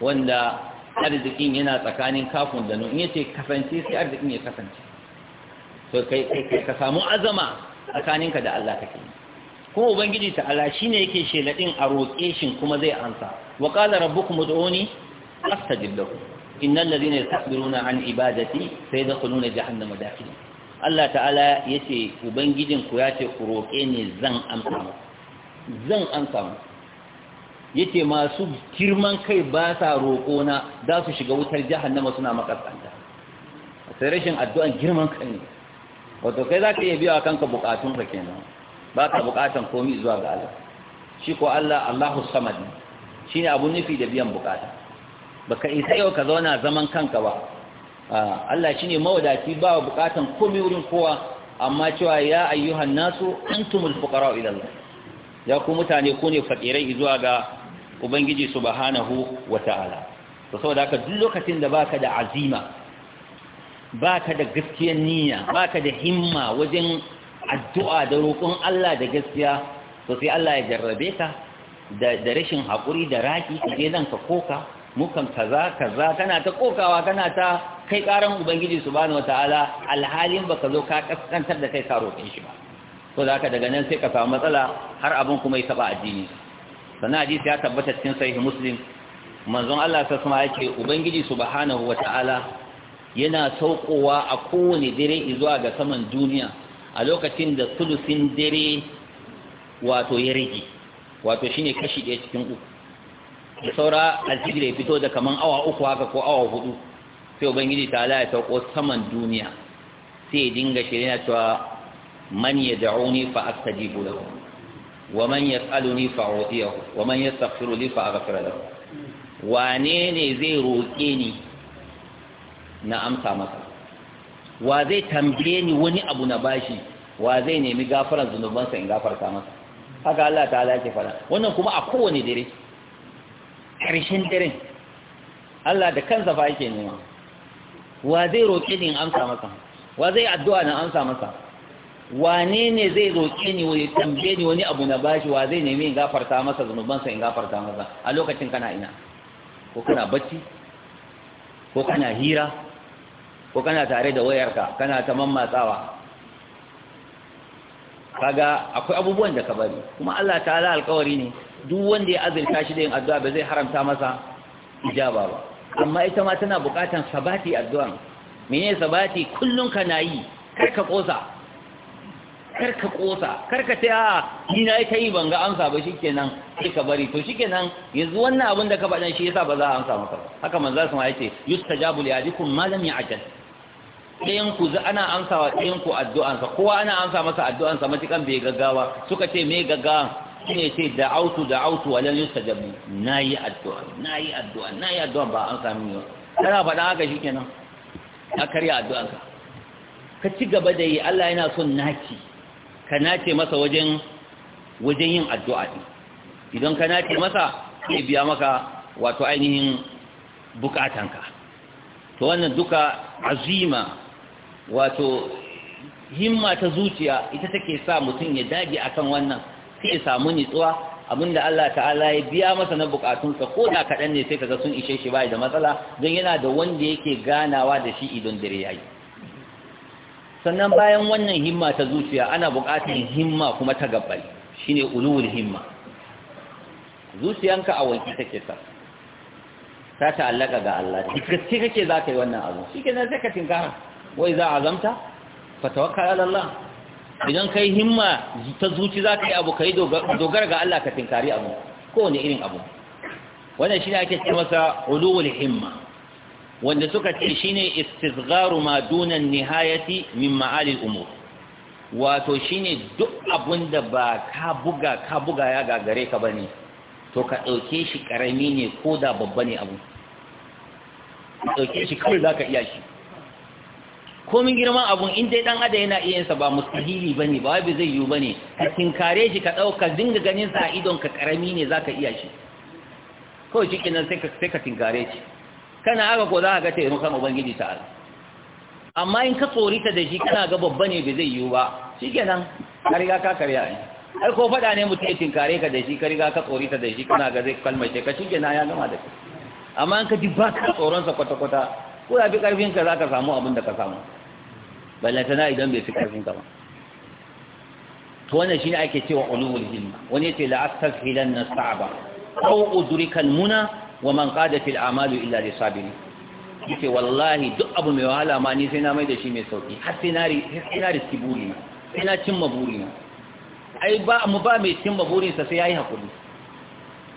wanda arzikin yana tsakanin kafin da nun yace kasance sai arzikin ya kasance to kai ka samu azama tsakaninka da Allah kake yi kuma ubangiji ta'ala shine yake shelaɗin a roƙe shi kuma zai ansa wa qala rabbukum inan da zina ta ladhina na an ibadati sayadkhuluna jahannama madafi Allah ta'ala ce ubangijin ku ya ce ku roƙe ni zan amsa zan amsa ce masu girman kai ba sa roƙo na za su shiga wutar na suna makaskanta sai rashin addu'an girman kai ne wato kai za ka iya biya kanka bukatunka kenan ba ka bukatan komi zuwa ga Allah shi ko Allah Allahu samad Shi ne abu nufi da biyan bukata baka isa yau ka zauna zaman kanka ba Allah shi ne mawadaci ba bukatan komi wurin kowa amma cewa ya ayyuhan nasu antumul fuqara ila Allah ya ku mutane ku ne fakirai zuwa ga ubangiji subhanahu wataala to saboda haka duk lokacin da baka da azima baka da gaskiyar niyya baka da himma wajen addu'a da roƙon Allah da gaskiya to sai Allah ya jarrabe ka da rashin haƙuri da raki ka je nan ka koka mukan kaza kaza kana ta kokawa kana ta kai ƙaran ubangiji subhanahu wataala alhalin baka zo ka kaskantar da kai ka roƙe shi ba to za ka daga nan sai ka samu matsala har abin kuma ya taɓa addini sannan hadisi ya tabbata cikin sahih muslim manzon Allah ta sama yake ubangiji subhanahu wataala yana saukowa a kowane dare zuwa ga saman duniya a lokacin da sulusin dare wato ya rage wato ne kashi ɗaya cikin uku da saura alfijir ya fito da kaman awa uku haka ko awa hudu sai ubangiji ta ala ya sauko saman duniya sai ya dinga shirya cewa man ya ni fa astajibu lahu wa man ni fa u'tiyahu wa man tsafiro ni fa aghfir da wane ne zai roƙe ni na amsa masa wa zai tambaye ni wani abu na bashi wa zai nemi gafaran zunubansa in gafarta masa haka Allah ta yake fara wannan kuma a kowane dare karshen dare Allah da kansa fa yake nema wa zai roƙe ni in amsa masa wa zai addu'a na amsa masa wane ne zai roƙe ni wani tambaye ni wani abu na bashi wa zai nemi in gafarta masa zunubansa in gafarta masa a lokacin kana ina ko kana bacci ko kana hira ko kana tare da wayarka kana ta mammatsawa kaga akwai abubuwan da ka bari kuma Allah ta'ala alƙawari ne duk wanda ya azurta shi da yin addu'a ba zai haramta masa ijaba ba amma ita ma tana buƙatan sabati addu'a mene sabati kullun ka yi kar ka kosa kar ka kosa kar ka taya ni na yi ta yi ban ga amsa ba shikenan sai ka bari to shikenan yanzu wannan abin da ka faɗan shi yasa ba za a amsa maka ba haka manzo sun ya ce yustajabu li ajikum ma lam ya'jal ɗayan ku ana amsa wa ɗayan ku addu'ansa kowa ana amsa masa addu'ansa matukan bai gaggawa suka ce mai gaggawa ne ce autu a wa lam yustajab na yi addu'a yi addu'a yi addu'a ba an sami yau kana faɗa haka kenan ka karya addu'ansa ka ci gaba da yi Allah yana son naci ka nace masa wajen wajen yin addu'a ɗin idan ka nace masa ke biya maka wato ainihin bukatanka to wannan duka azima wato himma ta zuciya ita take sa mutum ya dage akan wannan sai ya samu nitsuwa abinda Allah ta'ala ya biya masa na bukatunsa ko da kaɗan ne sai kaga sun ishe shi bai da matsala don yana da wanda yake ganawa da shi idan dare yayi sannan bayan wannan himma ta zuciya ana bukatun himma kuma ta gabbai shine ulul himma zuciyanka a wanki take sa ta ta'allaka ga Allah gaske kake zaka yi wannan abu shikenan sai ka tinkara wai za a zamta fatawakkal Allah idan kai himma ta zuci za ka yi abu kai dogara ga Allah ka tinkari abu kowane irin abu wannan ne ake ce masa himma wanda suka ce shine istisgharu ma duna nihayati min ma'ali umur wato ne duk abinda ba ka buga ka buga ya gagare ka bane to ka ɗauke shi ƙarami ne ko da babba ne abu ɗauke shi kawai zaka iya shi komin girman abun in dai dan ada yana iya yinsa ba mustahili bane ba wai zai yiwu bane ka tinkare shi ka dauka dinga ganin sa idon ka karami ne zaka iya shi kawai cikin nan sai ka sai ka tinkare shi kana haka ko zaka ga taimakon ubangiji ta'ala amma in ka tsorita da shi kana ga babba ne bai zai yiwu ba shikenan ka riga ka karya ai ai ko fada ne mutum ya tinkare ka da shi ka riga ka tsorita da shi kana ga zai kalmace ka shikenan ya gama da shi. amma in ka ji ba ka tsoron sa kwata-kwata ko ya fi ƙarfinka za ka samu abin da ka samu ballatana idan bai fi ƙarfinka ba to wannan shi ne ake cewa ulumul himma wani ya ce la'astafilan na sa'aba ko udurikal muna wa man qada fil a'mali illa li sabiri yace wallahi duk abu mai wahala ma ni sai na mai da shi mai sauki har sai na sai na riski burina sai na cimma burina ai ba mu ba mai cimma burinsa sai yayi hakuri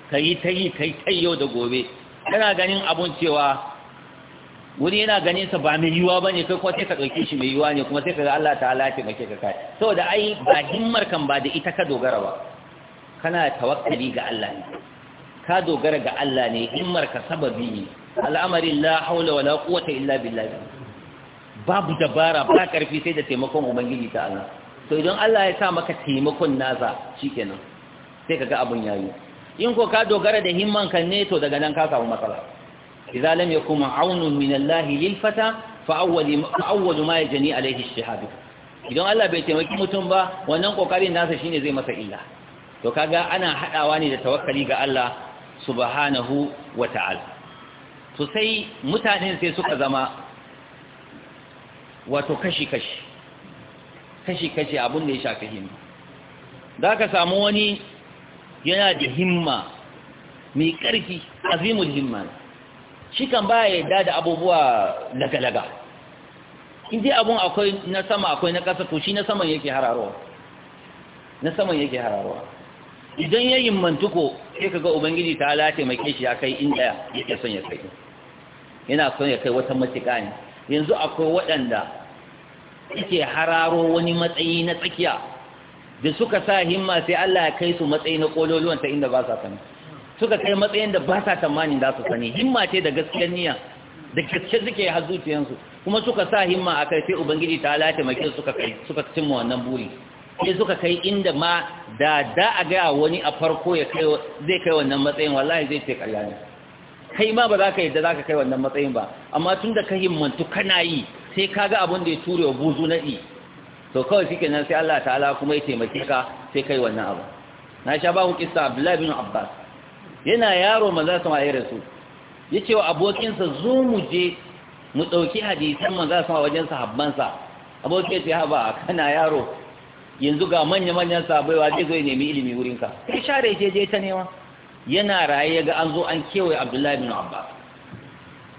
kai ta yi kai ta yau da gobe kana ganin abun cewa wani yana ganin sa ba mai yiwa bane kai kuma sai ka dauke shi mai yiwa ne kuma sai ka ga Allah ta'ala ya taimake ka kai saboda ai ba himmar kan ba da ita ka dogara ba kana tawakkali ga Allah ne ka dogara ga Allah ne himmar ka sababi ne al'amari la haula wala quwwata illa billah babu dabara ba karfi sai da taimakon ubangiji ta Allah to idan Allah ya sa maka taimakon nasa shikenan sai kaga abun yayi in ko ka dogara da himman kan ne to daga nan ka samu matsala إذا لم يكن عون من الله للفتى ma ya jani يجني عليه الشهادة idan Allah bai taimaki mutum ba wannan kokarin nasa shine zai masa illa to ga ana haɗawa ne da tawakkali ga Allah subhanahu wata'ala to sai mutanen sai suka zama wato kashi kashi abun da ya shafi himma zaka samu wani yana da himma mai karfi azimul himma shi kan ba ya yadda da abubuwa lagalaga in dai abun akwai na sama akwai na ƙasa to shi na saman yake hararowa na saman yake hararowa idan ya yi mantuko sai kaga ubangiji ta halata mai shi ya kai inda yake son ya kai yana son ya kai wata matuƙa ne yanzu akwai waɗanda yake hararo wani matsayi na tsakiya da suka sa himma sai Allah ya kai su matsayi na kololuwan ta inda ba sa sanin suka kai matsayin da ba sa tamanin za su sani himma ce da gaskiyar niyya da gaske suke har kuma suka sa himma a kai sai ubangiji ta lati makin suka kai suka cimma wannan buri sai suka kai inda ma da da a gaya wani a farko ya kai zai kai wannan matsayin wallahi zai ce kallani ne kai ma ba za ka yadda za ka kai wannan matsayin ba amma tun da ka himmantu kana yi sai ka ga abin da ya ture wa buzu naɗi to kawai shi kenan sai Allah ta'ala kuma ya taimake ka sai kai wannan abu na sha ba ku kissa Abdullahi bin Abbas yana yaro maza sama ya rasu wa abokinsa zo mu je mu ɗauki hadisan maza sama wajen sahabbansa abokin ya haba kana yaro yanzu ga manya-manyan sabai wa zai nemi ilimi wurinka. ka share je je ta nema yana raye ga an zo an kewaye Abdullahi bin Abba.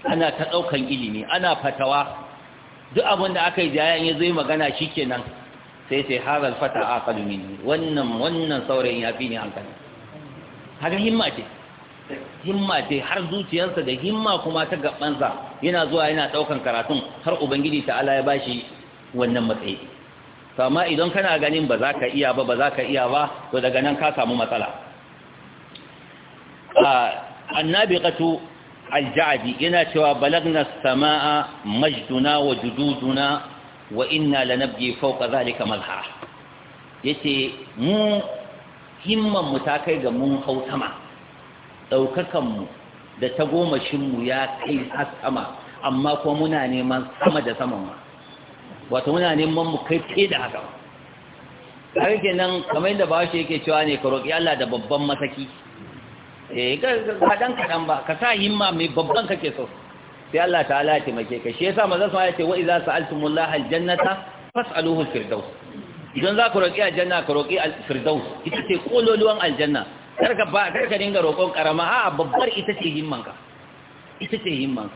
ana ta ɗaukan ilimi ana fatawa duk abin da aka yi jayan ya zai magana shi kenan sai sai harar fata a kalmini wannan wannan saurayin ya fi ne hankali haka himma ce himma ce har zuciyarsa da himma kuma ta gabansa yana zuwa yana daukan karatun har ubangiji ta'ala ya bashi wannan matsayi to amma idan kana ganin ba za ka iya ba ba za ka iya ba to daga nan ka samu matsala annabiqatu al-ja'di yana cewa balagna as-samaa majduna wa jududuna wa inna lanabghi fawqa dhalika malha yace mu himman mu ta kai ga mun hau sama ɗaukakanmu da ta goma shinmu ya kai har sama amma kuma muna neman sama da saman ma wato muna neman mu kai fiye da haka har nan, kamar yadda ba shi yake cewa ne ka roƙi Allah da babban masaki eh ka kadan kadan ba ka sa himma mai babban kake so sai Allah ta'ala ya taimake ka shi yasa manzon sa ya ce wa idza sa'altumullaha aljannata fas'aluhu firdaus idan za ka roƙi aljanna ka roƙi alfirdaus ita ce kololuwan aljanna karka ba karka dinga roƙon karama a babbar ita ce himmanka ita ce himmanka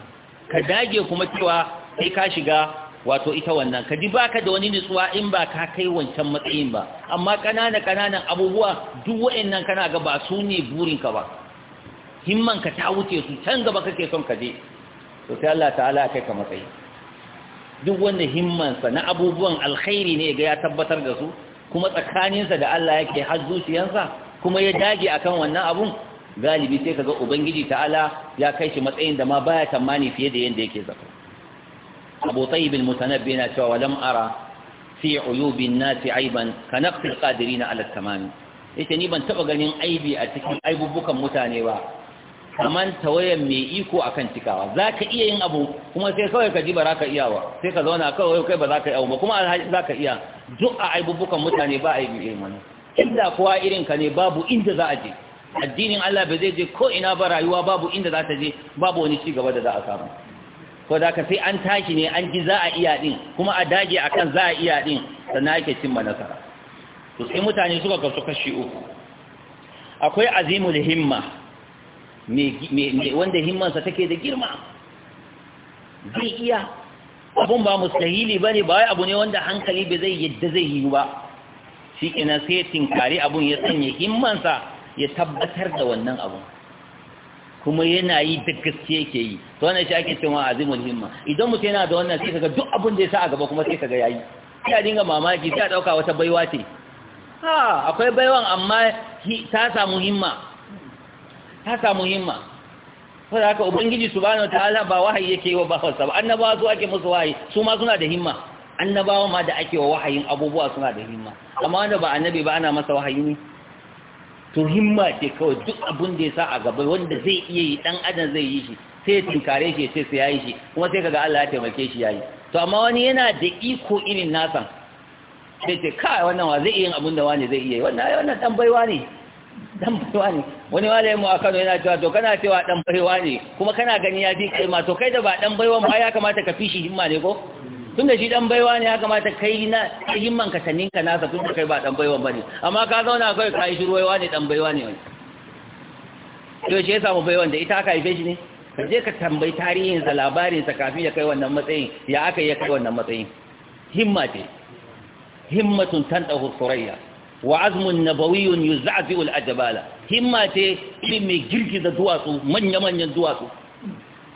ka dage kuma cewa sai ka shiga wato ita wannan ka ji baka da wani nutsuwa in ba ka kai wancan matsayin ba amma kanana kananan abubuwa duk waɗannan kana ga ba su ne burin ka ba himmanka ta wuce su can gaba kake son ka je to sai Allah ta'ala kai ka matsayi duk wanda himmansa na abubuwan alkhairi ne ga ya tabbatar da su kuma tsakaninsa da Allah yake har zuciyarsa kuma ya dage akan wannan abun galibi sai kaga ubangiji ta'ala ya kai shi matsayin da ma baya tamani fiye da yanda yake zato Abu Tayyib al-Mutanabbi yana cewa lam ara fi uyubin nasi aiban ka naqti al-qadirina ala tamam yace ni ban taba ganin aibi a cikin aibubukan mutane ba kaman tawayan mai iko akan cikawa za ka iya yin abu kuma sai kawai ka ji ba za ka iya wa sai ka zauna kawai kai ba za ka yi abu ba kuma alhaji za ka iya duk a aibubukan mutane ba a yi irin wani inda kowa irin ka ne babu inda za a je addinin Allah ba zai je ko ina ba rayuwa babu inda za ta je babu wani cigaba da za a samu ko da ka sai an tashi ne an ji za a iya din kuma a dage akan za a iya din sannan ake cimma nasara to sai mutane suka kasu kashi uku akwai azimul himma wanda himmansa take da girma zai iya abun ba mustahili ba ne ba wai abu ne wanda hankali ba zai yadda zai yi ba shi ina sai ya tinkari abun ya sanya himmansa ya tabbatar da wannan abun kuma yana yi da gaske yake yi to wannan shi ake cewa azimul himma idan mutum yana da wannan sai kaga duk abun da ya sa a gaba kuma sai kaga yayi sai a dinga mamaki sai a dauka wata baiwa ce ha akwai baiwan amma ta samu himma ta samu himma saboda haka ubangiji subhanahu ta'ala ba wahayi yake yi wa bawansa ba annabawa su ake musu wahayi su ma suna da himma annabawa ma da ake wa wahayin abubuwa suna da himma amma wanda ba annabi ba ana masa wahayi ne to himma ce kawai duk abin da ya sa a gaba wanda zai iya yi dan adam zai yi shi sai ya tunkare shi sai sai yayi shi kuma sai kaga Allah ya taimake shi yayi to amma wani yana da iko irin nasan sai ce kai wannan wa zai iya yin abin da wani zai iya yi wannan wannan dan baiwa ne dan barewa ne wani wale mu a Kano yana cewa to kana cewa dan barewa ne kuma kana gani ya fi kai ma to kai da ba dan baiwan ba ya kamata ka fishi himma ne ko tun da shi dan baiwa ne ya kamata kai na himman ka sanin ka nasa tun da kai ba dan baiwan bane amma ka zauna kai kai shi ruwaiwa ne dan baiwa ne wani to shi ya samu baiwan da ita aka haife shi ne ka je ka tambayi tarihinsa labarinsa kafin ya kai wannan matsayin ya aka yi ya kai wannan matsayin himma ce himmatun tantahu ɗahu surayya wa azmun nabawiyun yuz'afi'ul ajbala himma ce irin mai girgiza duwatsu manya-manyan duwatsu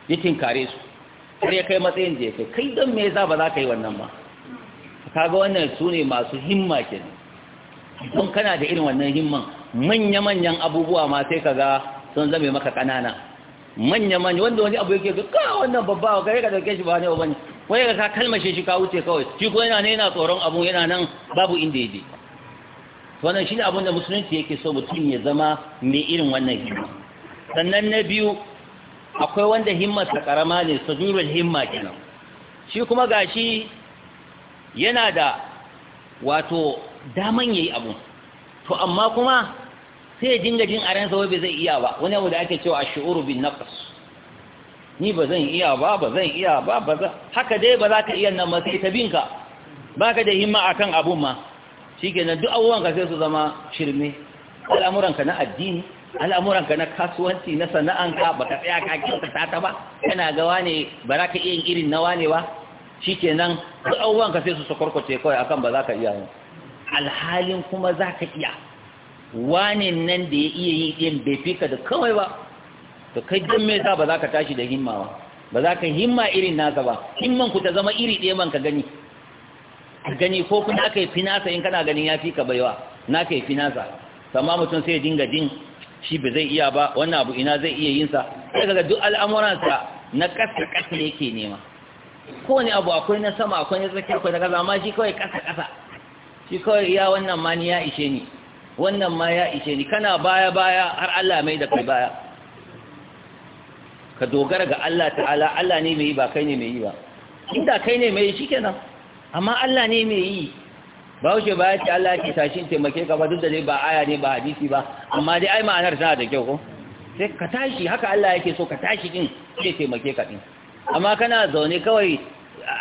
ya tinkare su har ya kai matsayin da ya kai kai don me yasa ba za ka yi wannan ba ga wannan sune masu himma ke don kana da irin wannan himman manya-manyan abubuwa ma sai ka ga, sun zame maka kanana manya manyan wanda wani abu yake ga wannan babba ga ka dauke shi ba ne ba ne wai ka kalmashe shi ka wuce kawai shi ko yana ne yana tsoron abu yana nan babu inda ya je wannan ne abin da musulunci yake so mutum ya zama mai irin wannan himma sannan na biyu akwai wanda himmarsa karama ne sadurul himma kenan shi kuma gashi yana da wato daman yayi abu to amma kuma sai ya dinga jin a ransa wai bai zai iya ba wani abu da ake cewa ashuru bin naqs ni ba zan iya ba ba zan iya ba ba haka dai ba za ka iya nan ma sai ta binka baka da himma akan abun ma shi kenan duk ka sai su zama shirme al'amuranka na addini al'amuranka na kasuwanci na sana'anka ba ka tsaya ka kyauta ta ta ba yana gawa ne ba za ka iya irin na wane ba shi kenan duk ka sai su sakwarkwace kawai akan ba za ka iya yin alhalin kuma za ka iya wane nan da ya iya yi ɗin bai fi ka da kawai ba to kai don me yasa ba za ka tashi da himma ba ba za ka himma irin nasa ba himman ku ta zama iri ɗaya man ka gani gani ko kuma aka yi finasa in kana ganin ya fi ka baiwa na ka yi finasa amma mutum sai dinga jin shi ba zai iya ba wannan abu ina zai iya yinsa sai kaga duk al'amuransa na kasa ne yake nema kowane abu akwai na sama akwai na tsakiya akwai na kasa amma shi kawai kasa kasa shi kawai ya wannan ma ni ya ishe ni wannan ma ya ishe ni kana baya baya har Allah mai da kai baya ka dogara ga Allah ta'ala Allah ne mai yi ba kai ne mai yi ba inda kai ne mai yi kenan amma Allah ne mai yi ba wuce ba ya ce Allah ke sashi taimake ka ba duk da dai ba aya ne ba hadisi ba amma dai ai ma'anar tana da kyau ko sai ka tashi haka Allah yake so ka tashi din ke taimake ka din amma kana zaune kawai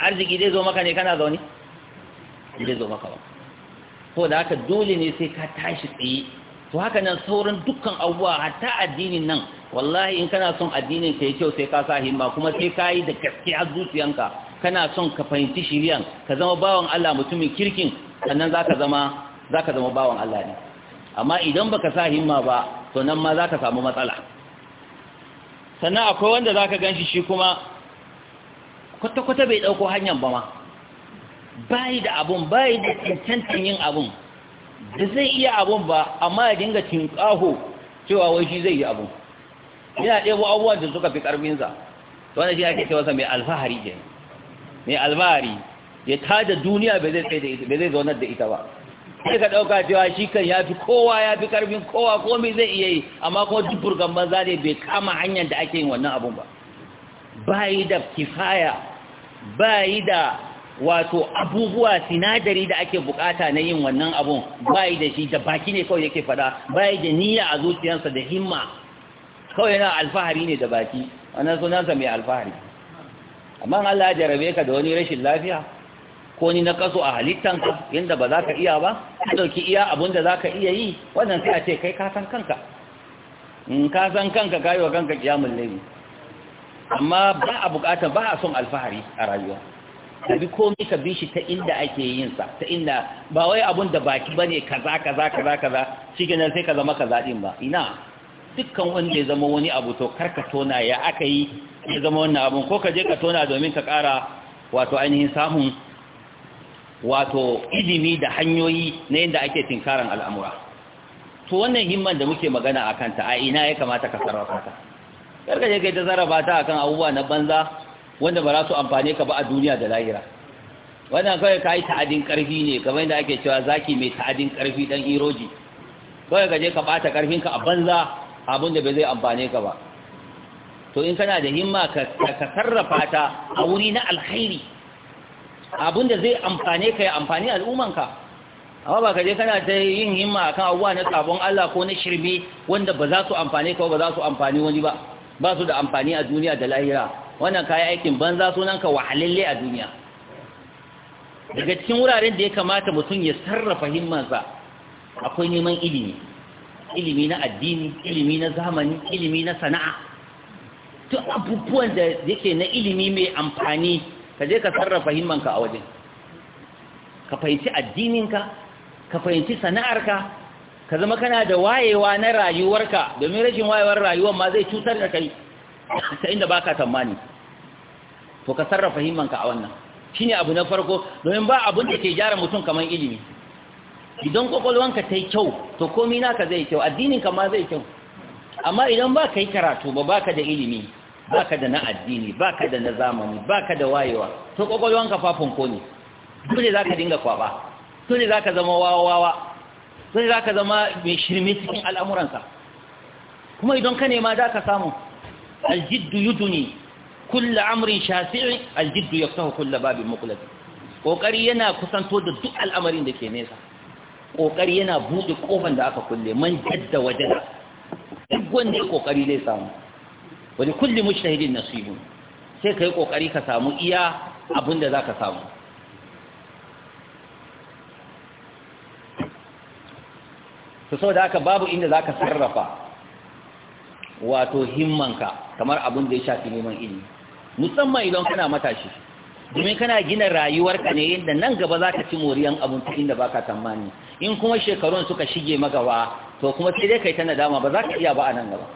arziki zai zo maka ne kana zaune zai zo maka ba ko da haka dole ne sai ka tashi tsaye to haka nan sauran dukkan abubuwa hatta addinin nan wallahi in kana son addinin ka yi kyau sai ka sa himma kuma sai ka yi da gaskiya zuciyanka kana son ka fahimci shiriyan ka zama bawan Allah mutumin kirkin sannan zaka zama zaka zama bawan Allah ne amma idan baka sa himma ba to nan ma zaka samu matsala sannan akwai wanda zaka ganshi shi kuma kwata-kwata bai dauko hanyar ba ma bai da abun bai da cancantin yin abun da zai iya abun ba amma ya dinga tinkaho cewa wai shi zai yi abun yana ɗebo abubuwan da suka fi ƙarfinsa wanda shi ake cewa mai alfahari kenan mai albari ya tada duniya bai zai zaunar da ita ba sai ka ɗauka cewa shi kan ya fi kowa ya fi ƙarfin kowa komai zai iya yi amma kuma duk burgan banza ne bai kama hanyar da ake yin wannan abun ba bayi da kifaya bayi da wato abubuwa sinadari da ake bukata na yin wannan abun bayi da shi da baki ne kawai yake fada bayi da niyya a zuciyarsa da himma kawai yana alfahari ne da baki wannan sunansa mai alfahari amma Allah ya jarabe ka da wani rashin lafiya ko ni na kaso a halittanka yadda ba za ka iya ba ka dauki iya abun da za ka iya yi wannan sai a ce kai ka san kanka in ka san kanka ka wa kanka kiyamun laimi amma ba a bukata ba a son alfahari a rayuwa ka bi komai ka bi shi ta inda ake yin sa ta inda ba wai abun da baki bane kaza kaza kaza kaza shi sai ka zama kaza din ba ina dukkan wanda ya zama wani abu to karka tona ya aka yi ya zama wannan abun ko ka je ka tona domin ka kara wato ainihin samun wato ilimi da hanyoyi na yadda ake tinkaran al'amura to wannan himman da muke magana a kanta a ina ya kamata ka sarrafa ta karka je ka ta zaraba ta akan abubuwa na banza wanda ba za su amfane ka ba a duniya da lahira wannan kawai ka yi ta'adin karfi ne kamar yadda ake cewa zaki mai ta'adin karfi dan iroji kawai ka je ka ɓata ƙarfinka a banza abin da bai zai amfane ka ba to in kana da himma ka sarrafa ta a wuri na alkhairi abin da zai amfane ka ya amfani al'ummanka amma ba ka je kana ta yin himma akan abuwa na sabon Allah ko na shirme wanda ba za su amfane ka ba za su amfani wani ba ba su da amfani a duniya da lahira wannan kayan aikin banza sunan ka wahalalle a duniya daga cikin wuraren da ya kamata mutum ya sarrafa himmansa akwai neman ilimi ilimi na addini ilimi na zamani ilimi na sana'a to abubuwan da yake na ilimi mai amfani ka je ka sarrafa himmanka a wajen ka fahimci addininka ka fahimci sana'arka ka zama kana da wayewa na rayuwarka domin rashin wayewar rayuwar ma zai cutar da kai ta inda baka tsammani to ka sarrafa himmanka a wannan shine abu na farko domin ba abin da ke gyara mutum kamar ilimi idan kwakwalwanka ta yi kyau to komi naka zai kyau addininka ma zai kyau amma idan ba ka yi karatu ba ba ka da ilimi ba ka da na addini ba ka da na zamani ba ka da wayewa to kwakwalwanka fafin ko ne dole za ka dinga kwaba dole za ka zama wawawa dole za ka zama mai shirme cikin al'amuransa kuma idan ka nema za ka samu aljiddu yuduni kulla amrin shafi'i aljiddu ya yaftahu kulla babin muqlad Ƙoƙari yana kusanto da duk al'amarin da ke nesa kokari yana buɗe kofan da aka kulle man jadda wajada duk wanda ya kokari zai samu wani kulli mujtahidin nasibu sai ka yi kokari ka samu iya abin da ka samu sau da haka babu inda za ka sarrafa wato himmanka kamar abin da ya shafi neman ilmi musamman idan kana matashi domin kana gina rayuwarka ne yadda nan gaba za ka ci moriyan abin da baka tammani. in kuma shekarun suka shige maka to kuma sai dai kai ta nadama ba za ka iya ba a nan gaba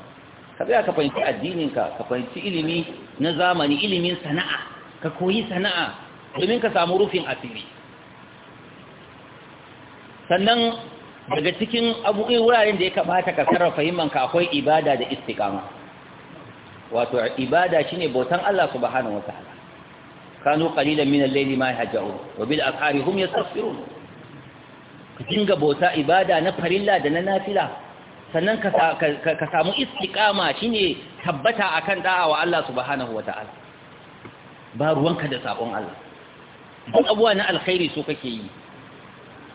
ka tsaya ka fahimci addininka ka fahimci ilimi na zamani ilimin sana'a ka koyi sana'a domin ka samu rufin asiri sannan daga cikin abubuwan wuraren da ya kamata ka sarrafa ka akwai ibada da istiqama wato ibada shine bautan Allah subhanahu wataala kanu qalilan min al-layli ma yahjaun wa bil ashari hum yastaghfirun ka dinga bauta ibada na farilla da na nafila sannan ka samu istiqama shine tabbata akan da'a wa Allah subhanahu wataala ba ruwanka da sabon Allah duk abuwa na alkhairi so kake yi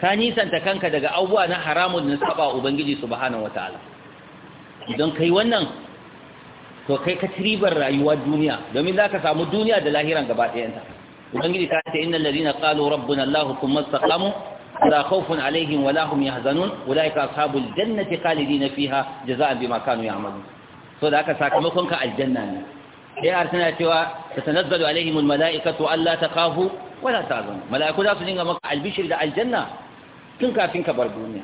ka nisanta kanka daga abuwa na haramun na saba ubangiji subhanahu wataala idan kai wannan to kai ka tribar rayuwar duniya domin zaka samu duniya da lahiran gaba ɗayanta ubangiji ta ce innal ladina qalu rabbuna allah kuma istaqamu ولا خوف عليهم ولا هم يحزنون أولئك أصحاب الجنة خالدين فيها جزاء بما كانوا يعملون فذاك ساكمكم كالجنة هي أرسلنا توا تتنزل عليهم الملائكة ألا تخافوا ولا تحزنوا ملائكة لا تنزل مقع البشر دع الجنة تنكا كافين كبر الدنيا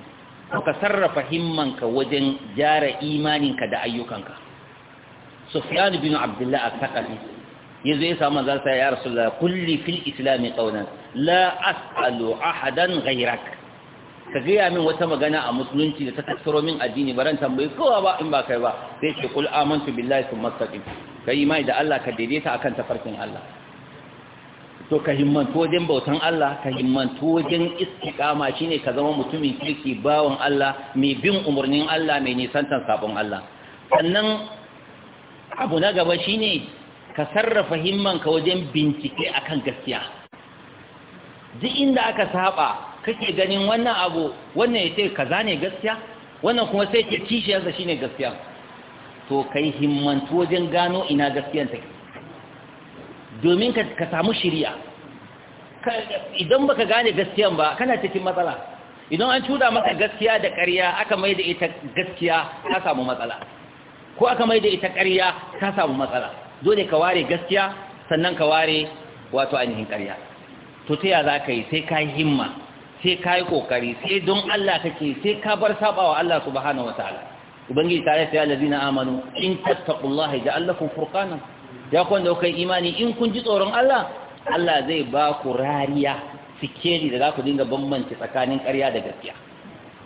وكسرف همك وجن جار إيمانك دع أيوكنك سفيان بن عبد الله الثقفي yazo ya samu manzon sa ya rasulullah kulli fil islam tsaunin, la ahadan Gairak. ka gaya min wata magana a musulunci da ta tattaro min addini baran tambayi kowa ba in ba kai ba sai ce kul amantu billahi thumma istaqim kai mai da Allah ka daidaita akan tafarkin Allah to ka himmantu wajen bautan Allah ka himmantu wajen istiqama shine ka zama mutumin kirki bawan Allah mai bin umarnin Allah mai nisantan sabon Allah sannan abu na gaba shine ka sarrafa himmanka wajen bincike akan gaskiya duk inda aka saba kake ganin wannan abu wannan ya ce kaza ne gaskiya wannan kuma sai ce kishiyarsa shine gaskiya to kai himmantu wajen gano ina gaskiyar take domin ka samu shiriya idan baka gane gaskiyan ba kana cikin matsala idan an cuda maka gaskiya da ƙarya aka mai da ita gaskiya ka samu matsala ko aka mai da ita ƙarya ka samu matsala dole ka ware gaskiya sannan ka ware wato ainihin ƙarya to ta ya za ka yi sai ka yi himma sai ka yi ƙoƙari sai don Allah kake sai ka bar sabawa Allah bahana wa ta'ala ubangiji ta yace na amanu in tattaqullaha ja'al lakum furqana ya kun da kai imani in kun ji tsoron Allah Allah zai ba ku rariya sikeri da za ku dinga bambance tsakanin ƙarya da gaskiya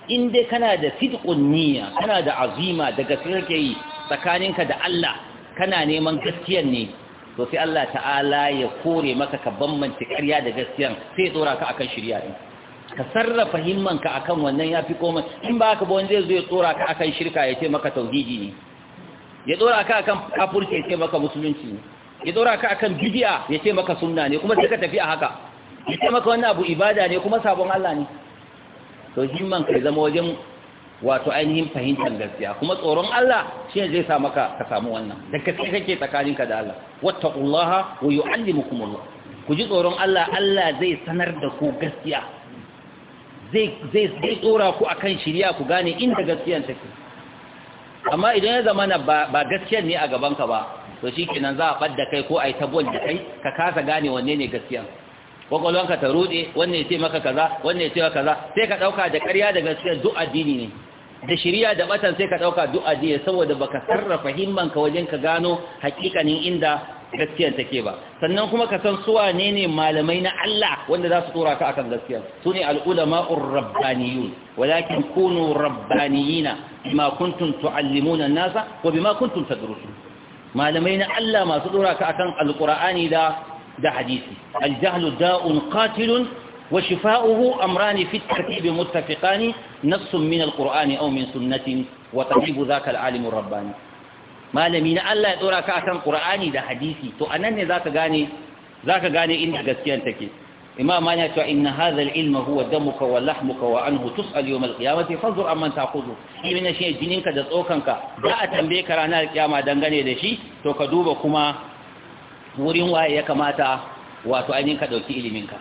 in dai kana da sidqun niyya kana da azima da gaskiya kake yi tsakaninka da Allah kana neman gaskiyan ne to sai Allah ta'ala ya kore maka ka bambance ƙarya da gaskiyan sai tsora ka akan shirya din ka sarrafa ka akan wannan yafi komai in ba ka ba wani zai zo ya tsora ka akan shirka ya ce maka tauhidi ne ya tsora ka akan kafirci ya ce maka musulunci ne ya tsora ka akan bid'a ya ce maka sunna ne kuma sai ka tafi a haka ya ce maka wannan abu ibada ne kuma sabon Allah ne to himman ka zama wajen wato ainihin fahimtar gaskiya kuma tsoron Allah shi ne zai sa maka ka samu wannan da gaske kake tsakaninka da Allah wattaqullaha wa yu'allimukumullah ku ji tsoron Allah Allah zai sanar da ku gaskiya zai zai zai tsora ku kan shiriya ku gane inda gaskiyan take amma idan ya zama na ba, ba gaskiyan ne a gaban ka ba to shi kenan za a fadda kai ko ai tabon da kai ka kasa gane wanne ne gaskiyan kwakwalwanka ta rude wannan ya ce maka kaza wannan ya ce kaza sai ka dauka da ƙarya da gaskiya duk addini ne da shirya da batan sai ka dauka duk addini saboda baka sarrafa himman ka wajen ka gano hakikanin inda gaskiyar take ba sannan kuma ka san suwa ne ne malamai na Allah wanda za su tura ka akan gaskiya sune al-ulama'ur rabbaniyun walakin kunu rabbaniyina bima kuntum tu'allimuna an-nasa wa bima kuntum tadrusun malamai na Allah masu dora ka akan alqur'ani da da hadisi aljahlu da'un katilun wa shifa'uhu amran fi at-tatib muttafiqan nassun min al-qur'ani aw min sunnatin wa tatib rabbani malami Allah ya dora ka akan qur'ani da hadisi to anan ne zaka gane zaka gane inda gaskiyan take imam man ya cewa inna hadha al-ilma huwa damuka wa lahmuka wa anhu tus'al yawm al-qiyamati fanzur amman ta'khudhu kimin shi jininka da tsokanka za a tambaye ka ranar kiyama dangane da shi to ka duba kuma wurin waye ya kamata wato ainihin ka ɗauki iliminka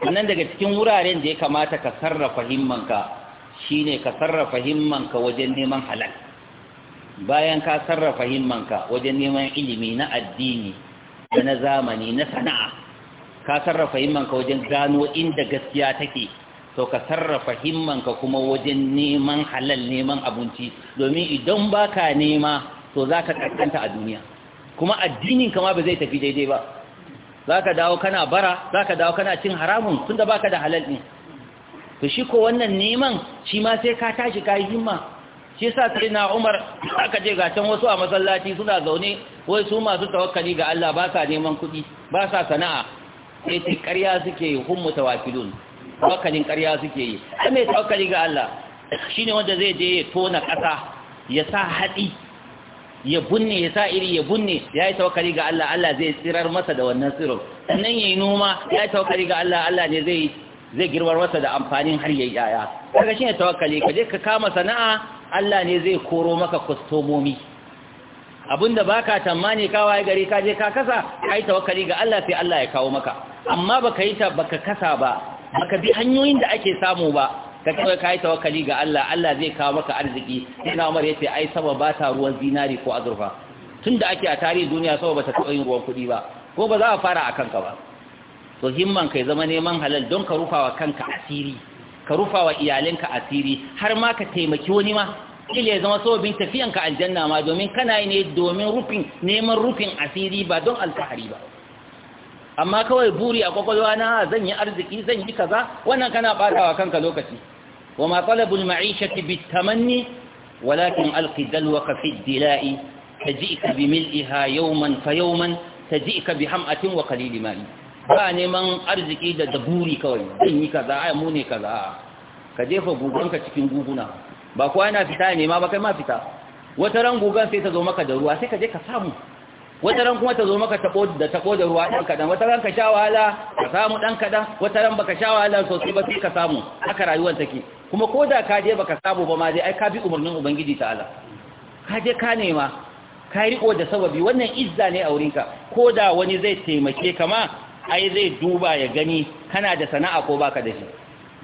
sannan daga cikin wuraren da ya kamata ka sarrafa himmanka shine ka sarrafa himmanka wajen neman halal bayan ka sarrafa himmanka wajen neman ilimi na addini da na zamani na sana'a ka sarrafa himmanka wajen gano inda gaskiya take to ka sarrafa himmanka kuma wajen neman halal neman abinci domin idan baka nema to zaka kankanta a duniya kuma addinin kama ba zai tafi daidai ba za ka dawo kana bara za ka dawo kana cin haramun tun da baka da halal ɗin to shi ko wannan neman shi ma sai ka tashi ka yi himma shi sa sai na umar *laughs* aka je ga can wasu a masallaci suna zaune wai su masu tawakkali ga Allah ba sa neman kuɗi ba sa sana'a sai ta karya suke yi hummu tawakilun tawakkalin ƙarya suke yi ai mai tawakkali ga Allah shine wanda zai je ya tona ƙasa ya sa haɗi ya bunne ya sa iri ya bunne ya yi tawakari ga Allah Allah zai tsirar masa da wannan tsiro sannan ya yi noma ya yi tawakari ga Allah Allah ne zai zai girbar masa da amfanin har ya yi yaya kaga shine tawakali ka je ka kama sana'a Allah ne zai koro maka kwastomomi abinda baka tamani ka waye gari ka je ka kasa kai tawakali ga Allah sai Allah ya kawo maka amma baka yi ta baka kasa ba baka bi hanyoyin da ake samu ba ka kawai kai tawakkali ga Allah Allah zai kawo maka arziki ina Umar yace ai sama ba ta ruwan zinari ko azurfa tunda ake a tarihi duniya saboda ta taɓa yin ruwan kuɗi ba ko ba za a fara akan ka ba to himman kai zama neman halal don ka rufawa kanka asiri ka rufawa iyalinka asiri har ma ka taimaki wani ma kila ya zama sabbin tafiyanka aljanna ma domin kana ne domin rufin neman rufin asiri ba don alfahari ba amma kawai buri a kwakwalwa na zan yi arziki zan yi kaza wannan kana batawa kanka lokaci وما طلب المعيشة بالتمني ولكن ألق دلوك في الدلاء تجئك بملئها يوما فيوما تجئك بحمأة وقليل ماء ba neman arziki da daburi kawai zan yi kaza ai mu ka jefa gugunka cikin guguna ba kuwa yana fita ne ba kai ma fita wata ran gugan sai ta zo maka da ruwa sai ka samu wata ran kuma ta zo maka da da ruwa ɗan kaɗan wata ran ka sha wahala ka samu ɗan kaɗan wata ran baka sha wahala sosai ba sai ka samu haka rayuwar take kuma ko da ka je baka sabo ba ma dai ai ka bi umarnin ubangiji ta'ala ka je ka nema ka riko da sababi wannan izza ne a ka ko da wani zai taimake ka ma ai zai duba ya gani kana da sana'a ko baka da shi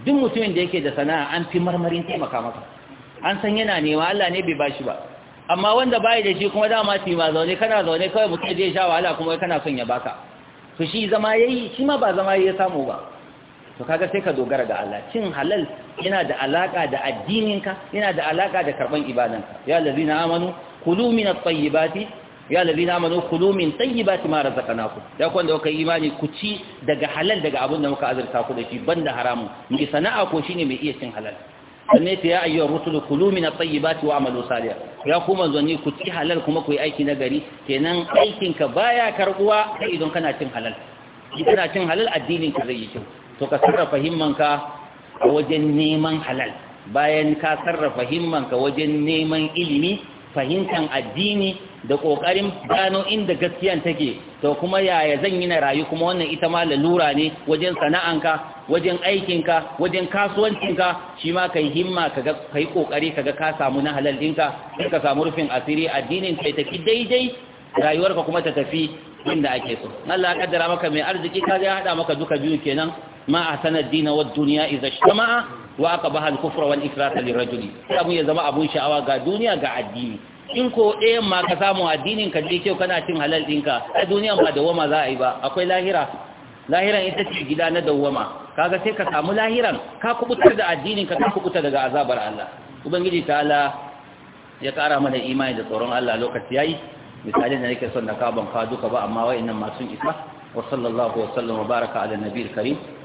duk mutumin da yake da sana'a an fi marmarin taimaka maka an san yana nema Allah ne bai bashi ba amma wanda bai da shi kuma dama ma zaune kana zaune kawai mutum zai sha wahala kuma kana son ya baka to shi zama yayi shi ma ba zama yayi ya samu ba to kaga sai ka dogara ga Allah cin halal yana da alaka da addininka yana da alaka da karban ibadanka ya lazina amanu kulu min at-tayyibati ya lazina amanu kulu min tayyibati ma razaqnakum ya kun da kai imani ku ci daga halal daga abin da muka azurta ku da shi banda haramu mai sana'a ko shine mai iya cin halal sanne ta ya ayyuhar rusul kulu min at-tayyibati wa'malu salih ya ku manzoni ku ci halal kuma ku yi aiki nagari kenan aikinka baya karbuwa sai idan kana cin halal idan kana cin halal addinin ka zai yi kyau to ka sarrafa himmanka a wajen neman halal bayan ka sarrafa himmanka wajen neman ilimi fahimtan addini da ƙoƙarin gano inda gaskiyan take to kuma yaya zan yi na rayu kuma wannan ita ma lalura ne wajen sana'anka wajen aikinka wajen kasuwancinka shi ma ka yi himma ka yi ƙoƙari ka ga ka samu na halal dinka ka samu rufin asiri addinin ka tafi daidai rayuwarka kuma ta tafi inda ake so Allah ya kaddara maka mai arziki ka ya haɗa maka duka biyu kenan ma a sanar wa duniya iza shama'a wa aka bahal kufra wal ifrata lirajuli abun ya zama abun sha'awa ga duniya ga addini in ko ɗayan ma ka samu addinin ka kyau kana cin halal dinka. a duniya ba dawwama za a yi ba akwai lahira lahiran ita ce gida na Ka kaga sai ka samu lahiran ka kubutar da addinin ka ka kubuta daga azabar Allah ubangiji ta'ala ya kara mana imani da tsoron Allah lokaci yayi Misali da nake son na ban ka duka ba amma wayannan ma sun isa wa sallallahu wa sallama baraka ala nabiyil karim